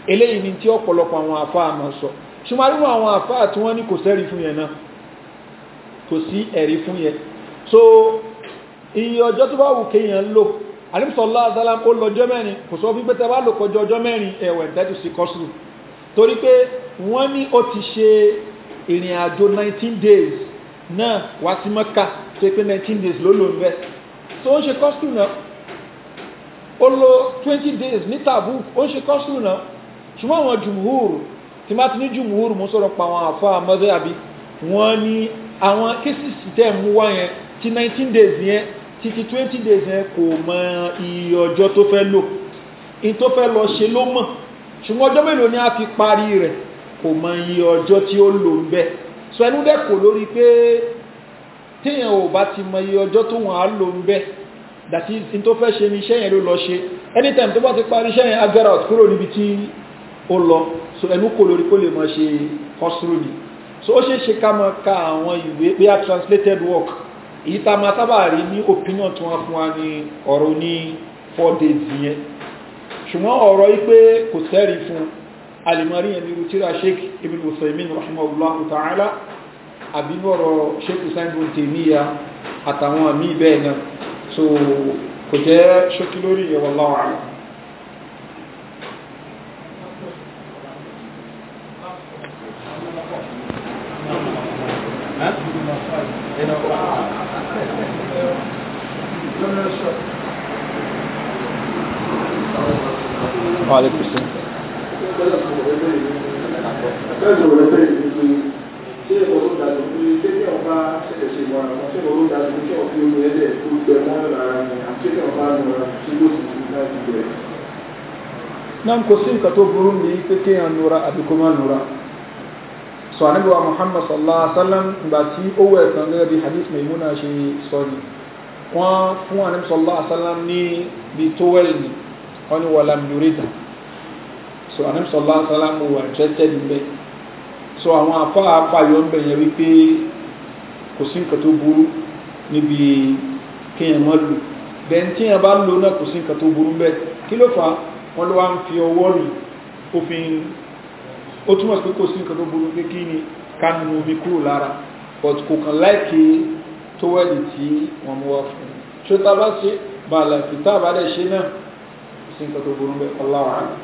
eléyìí ni tí ọ̀pọ̀lọpọ̀ àwọn àfáà máa sọ ṣùgbọ́n nínú àwọn àfáà tí wọ́n ní kò sẹ́rí fún yẹn náà kò sí ẹ̀rí fún yẹn so iye ọjọ́ tó bá wù kéèyàn lò àlùmùsọ̀lá àzálàm ó lọ́jọ́ mẹ́rin kò sọ wípé tẹ́ bá lò kọjọ ọjọ́ mẹ́rin ẹ̀wà entitled sí kọ́sù torí pé wọ́n ní ó ti ṣe ìrìn àjò 19 days na wá sí mọ́kà tó nineteen days lolo lò so ó ń ṣe kọ́sùrù náà ó lo twenty days ní tàbú ó ń ṣe kọ́sùrù náà ṣùgbọ́n àwọn jùmùhúrù tí má ti ní jùmùhúrù mú sọ̀rọ̀ pa àwọn àfa àmọ́dé àbí wọ́n ní àwọn kéṣìṣì tẹ̀ mú wá yẹn ti nineteen days yẹn títí twenty days yẹn kò mọ iye ọjọ́ tó fẹ́ lò in tó fẹ́ lọ ṣe ló mọ̀ ṣùgbọ́n ọjọ́ mélòó ni a fi parí rẹ̀ kò mọ iye ọjọ́ tí ó lò ń sọ ẹnu dẹ̀ kò lórí pé téèyàn ò bá ti mọ iye ọjọ́ tó wọ́n á lò ń bẹ́ dàtí in tó fẹ́ ṣe ni iṣẹ́ yẹn ló lọ ṣe anytime tó bá ti parí iṣẹ́ yẹn agbára ọ̀t kúrò níbi tí ó lọ so ẹnu kò lórí kó lè mọ ṣe kọ́sùrù ni so ó ṣeé ká mọ ka àwọn ìwé pé a translated work èyí tá a máa sábà rí ní opinion tí wọ́n fún wa ní ọ̀rọ̀ ní four days yẹn ṣùgbọ́n ọ̀rọ̀ yìí pé kò sẹ́rí fún un alimari ẹni rutira sheik ibn usaimin rahimahullahu ta'ala àbíbọ̀rọ̀ sheik usain bin tèmíya àtàwọn àmì bẹ́ẹ̀ náà so kò jẹ́ ṣókí lórí ẹwà láwàá Olha, Cristiano ẹgbẹ́ ìwé bẹ́ẹ̀ ni pé ṣé ìwọ pé kéde ọba ṣẹlẹ̀ ṣe wà àwọn ṣé ìwọ ló dàgbò pé omi ẹlẹ́ tó gbẹ mọ́ ara ni àti kéde ọba nu ara ṣé ló sì ti dá ti bẹ̀rẹ̀. náà kò sí nǹkan tó burú ní pé kéèyàn nura àbí kó má nura sọ ànábì muhammad sallallahu alaihi wa sallam ìgbà tí ó wẹ̀ tán gẹ́gẹ́ bí hadith maimuna ṣe sọ ni wọ́n fún ànábì sallallahu alaihi wa sallam ní bíi tówẹ́lì ni wọ́n ní wàlámi yorùbá so anabi sallallahu alaihi wasallam wà interested in bẹ́ẹ̀ so àwọn afa afayọ ń bẹ̀yẹ wípé kò sí nǹkan tó burú níbi kéèyàn má lò bẹ́ẹ̀ tí yẹn bá ń lò náà kò sí nǹkan tó burú bẹ́ẹ̀ kí ló fà á wọ́n ló wá ń fi ọwọ́ rìn òfin ó túmọ̀ sí pé kò sí nǹkan tó burú pé kí ni ká nu omi kúrò lára but kò kàn láìkè tówẹ́lì tí wọ́n mú wá fún un ṣó tá a bá ṣe bàálà fìtá àbádẹ́ ṣe náà kò sí nǹkan tó burú bẹ́ẹ̀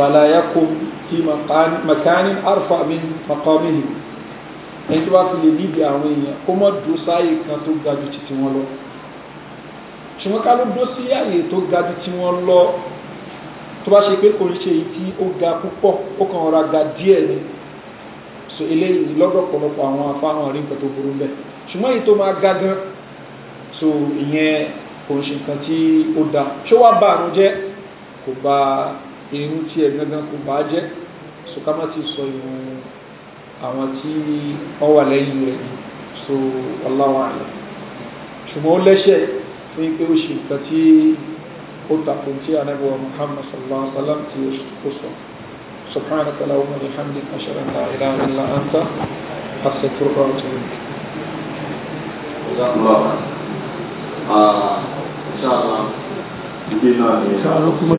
fala yakum fi makanin arfa min maqamihi ẹni tó bá fi lè níbi àwọn èèyàn kó mọ́ dúró sáàyè kan tó ga ju ti tiwọn lọ ṣùgbọ́n ká ló dúró sí àyè tó ga ju tiwọn lọ tó bá ṣe pé kò ń ṣe èyí tí ó ga púpọ̀ ó kàn ra ga díẹ̀ ni so eléyìí lọ́dọ̀ pọ̀lọpọ̀ àwọn afáhàn rí nǹkan tó burú bẹ́ẹ̀ ṣùgbọ́n èyí tó máa ga gan so ìyẹn kò ń ṣe nǹkan tí ó da ṣó wá bá àrùn jẹ́ kò bá a irun tí ẹ gangan kò bá jẹ́ so ká má ti sọ ìwọ̀n àwọn tí wọ́n wà lẹ́yìn rẹ̀ ni so wallahu a'lam ṣùgbọ́n ó lẹ́ṣẹ̀ fún pé ó ṣe nǹkan tí ó takùn tí ànábì wa sallallahu alaihi wa sallam ti ó sọ سبحانك اللهم وبحمدك اشهد ان لا اله الا انت استغفرك واتوب اليك جزاك الله خيرا ان شاء الله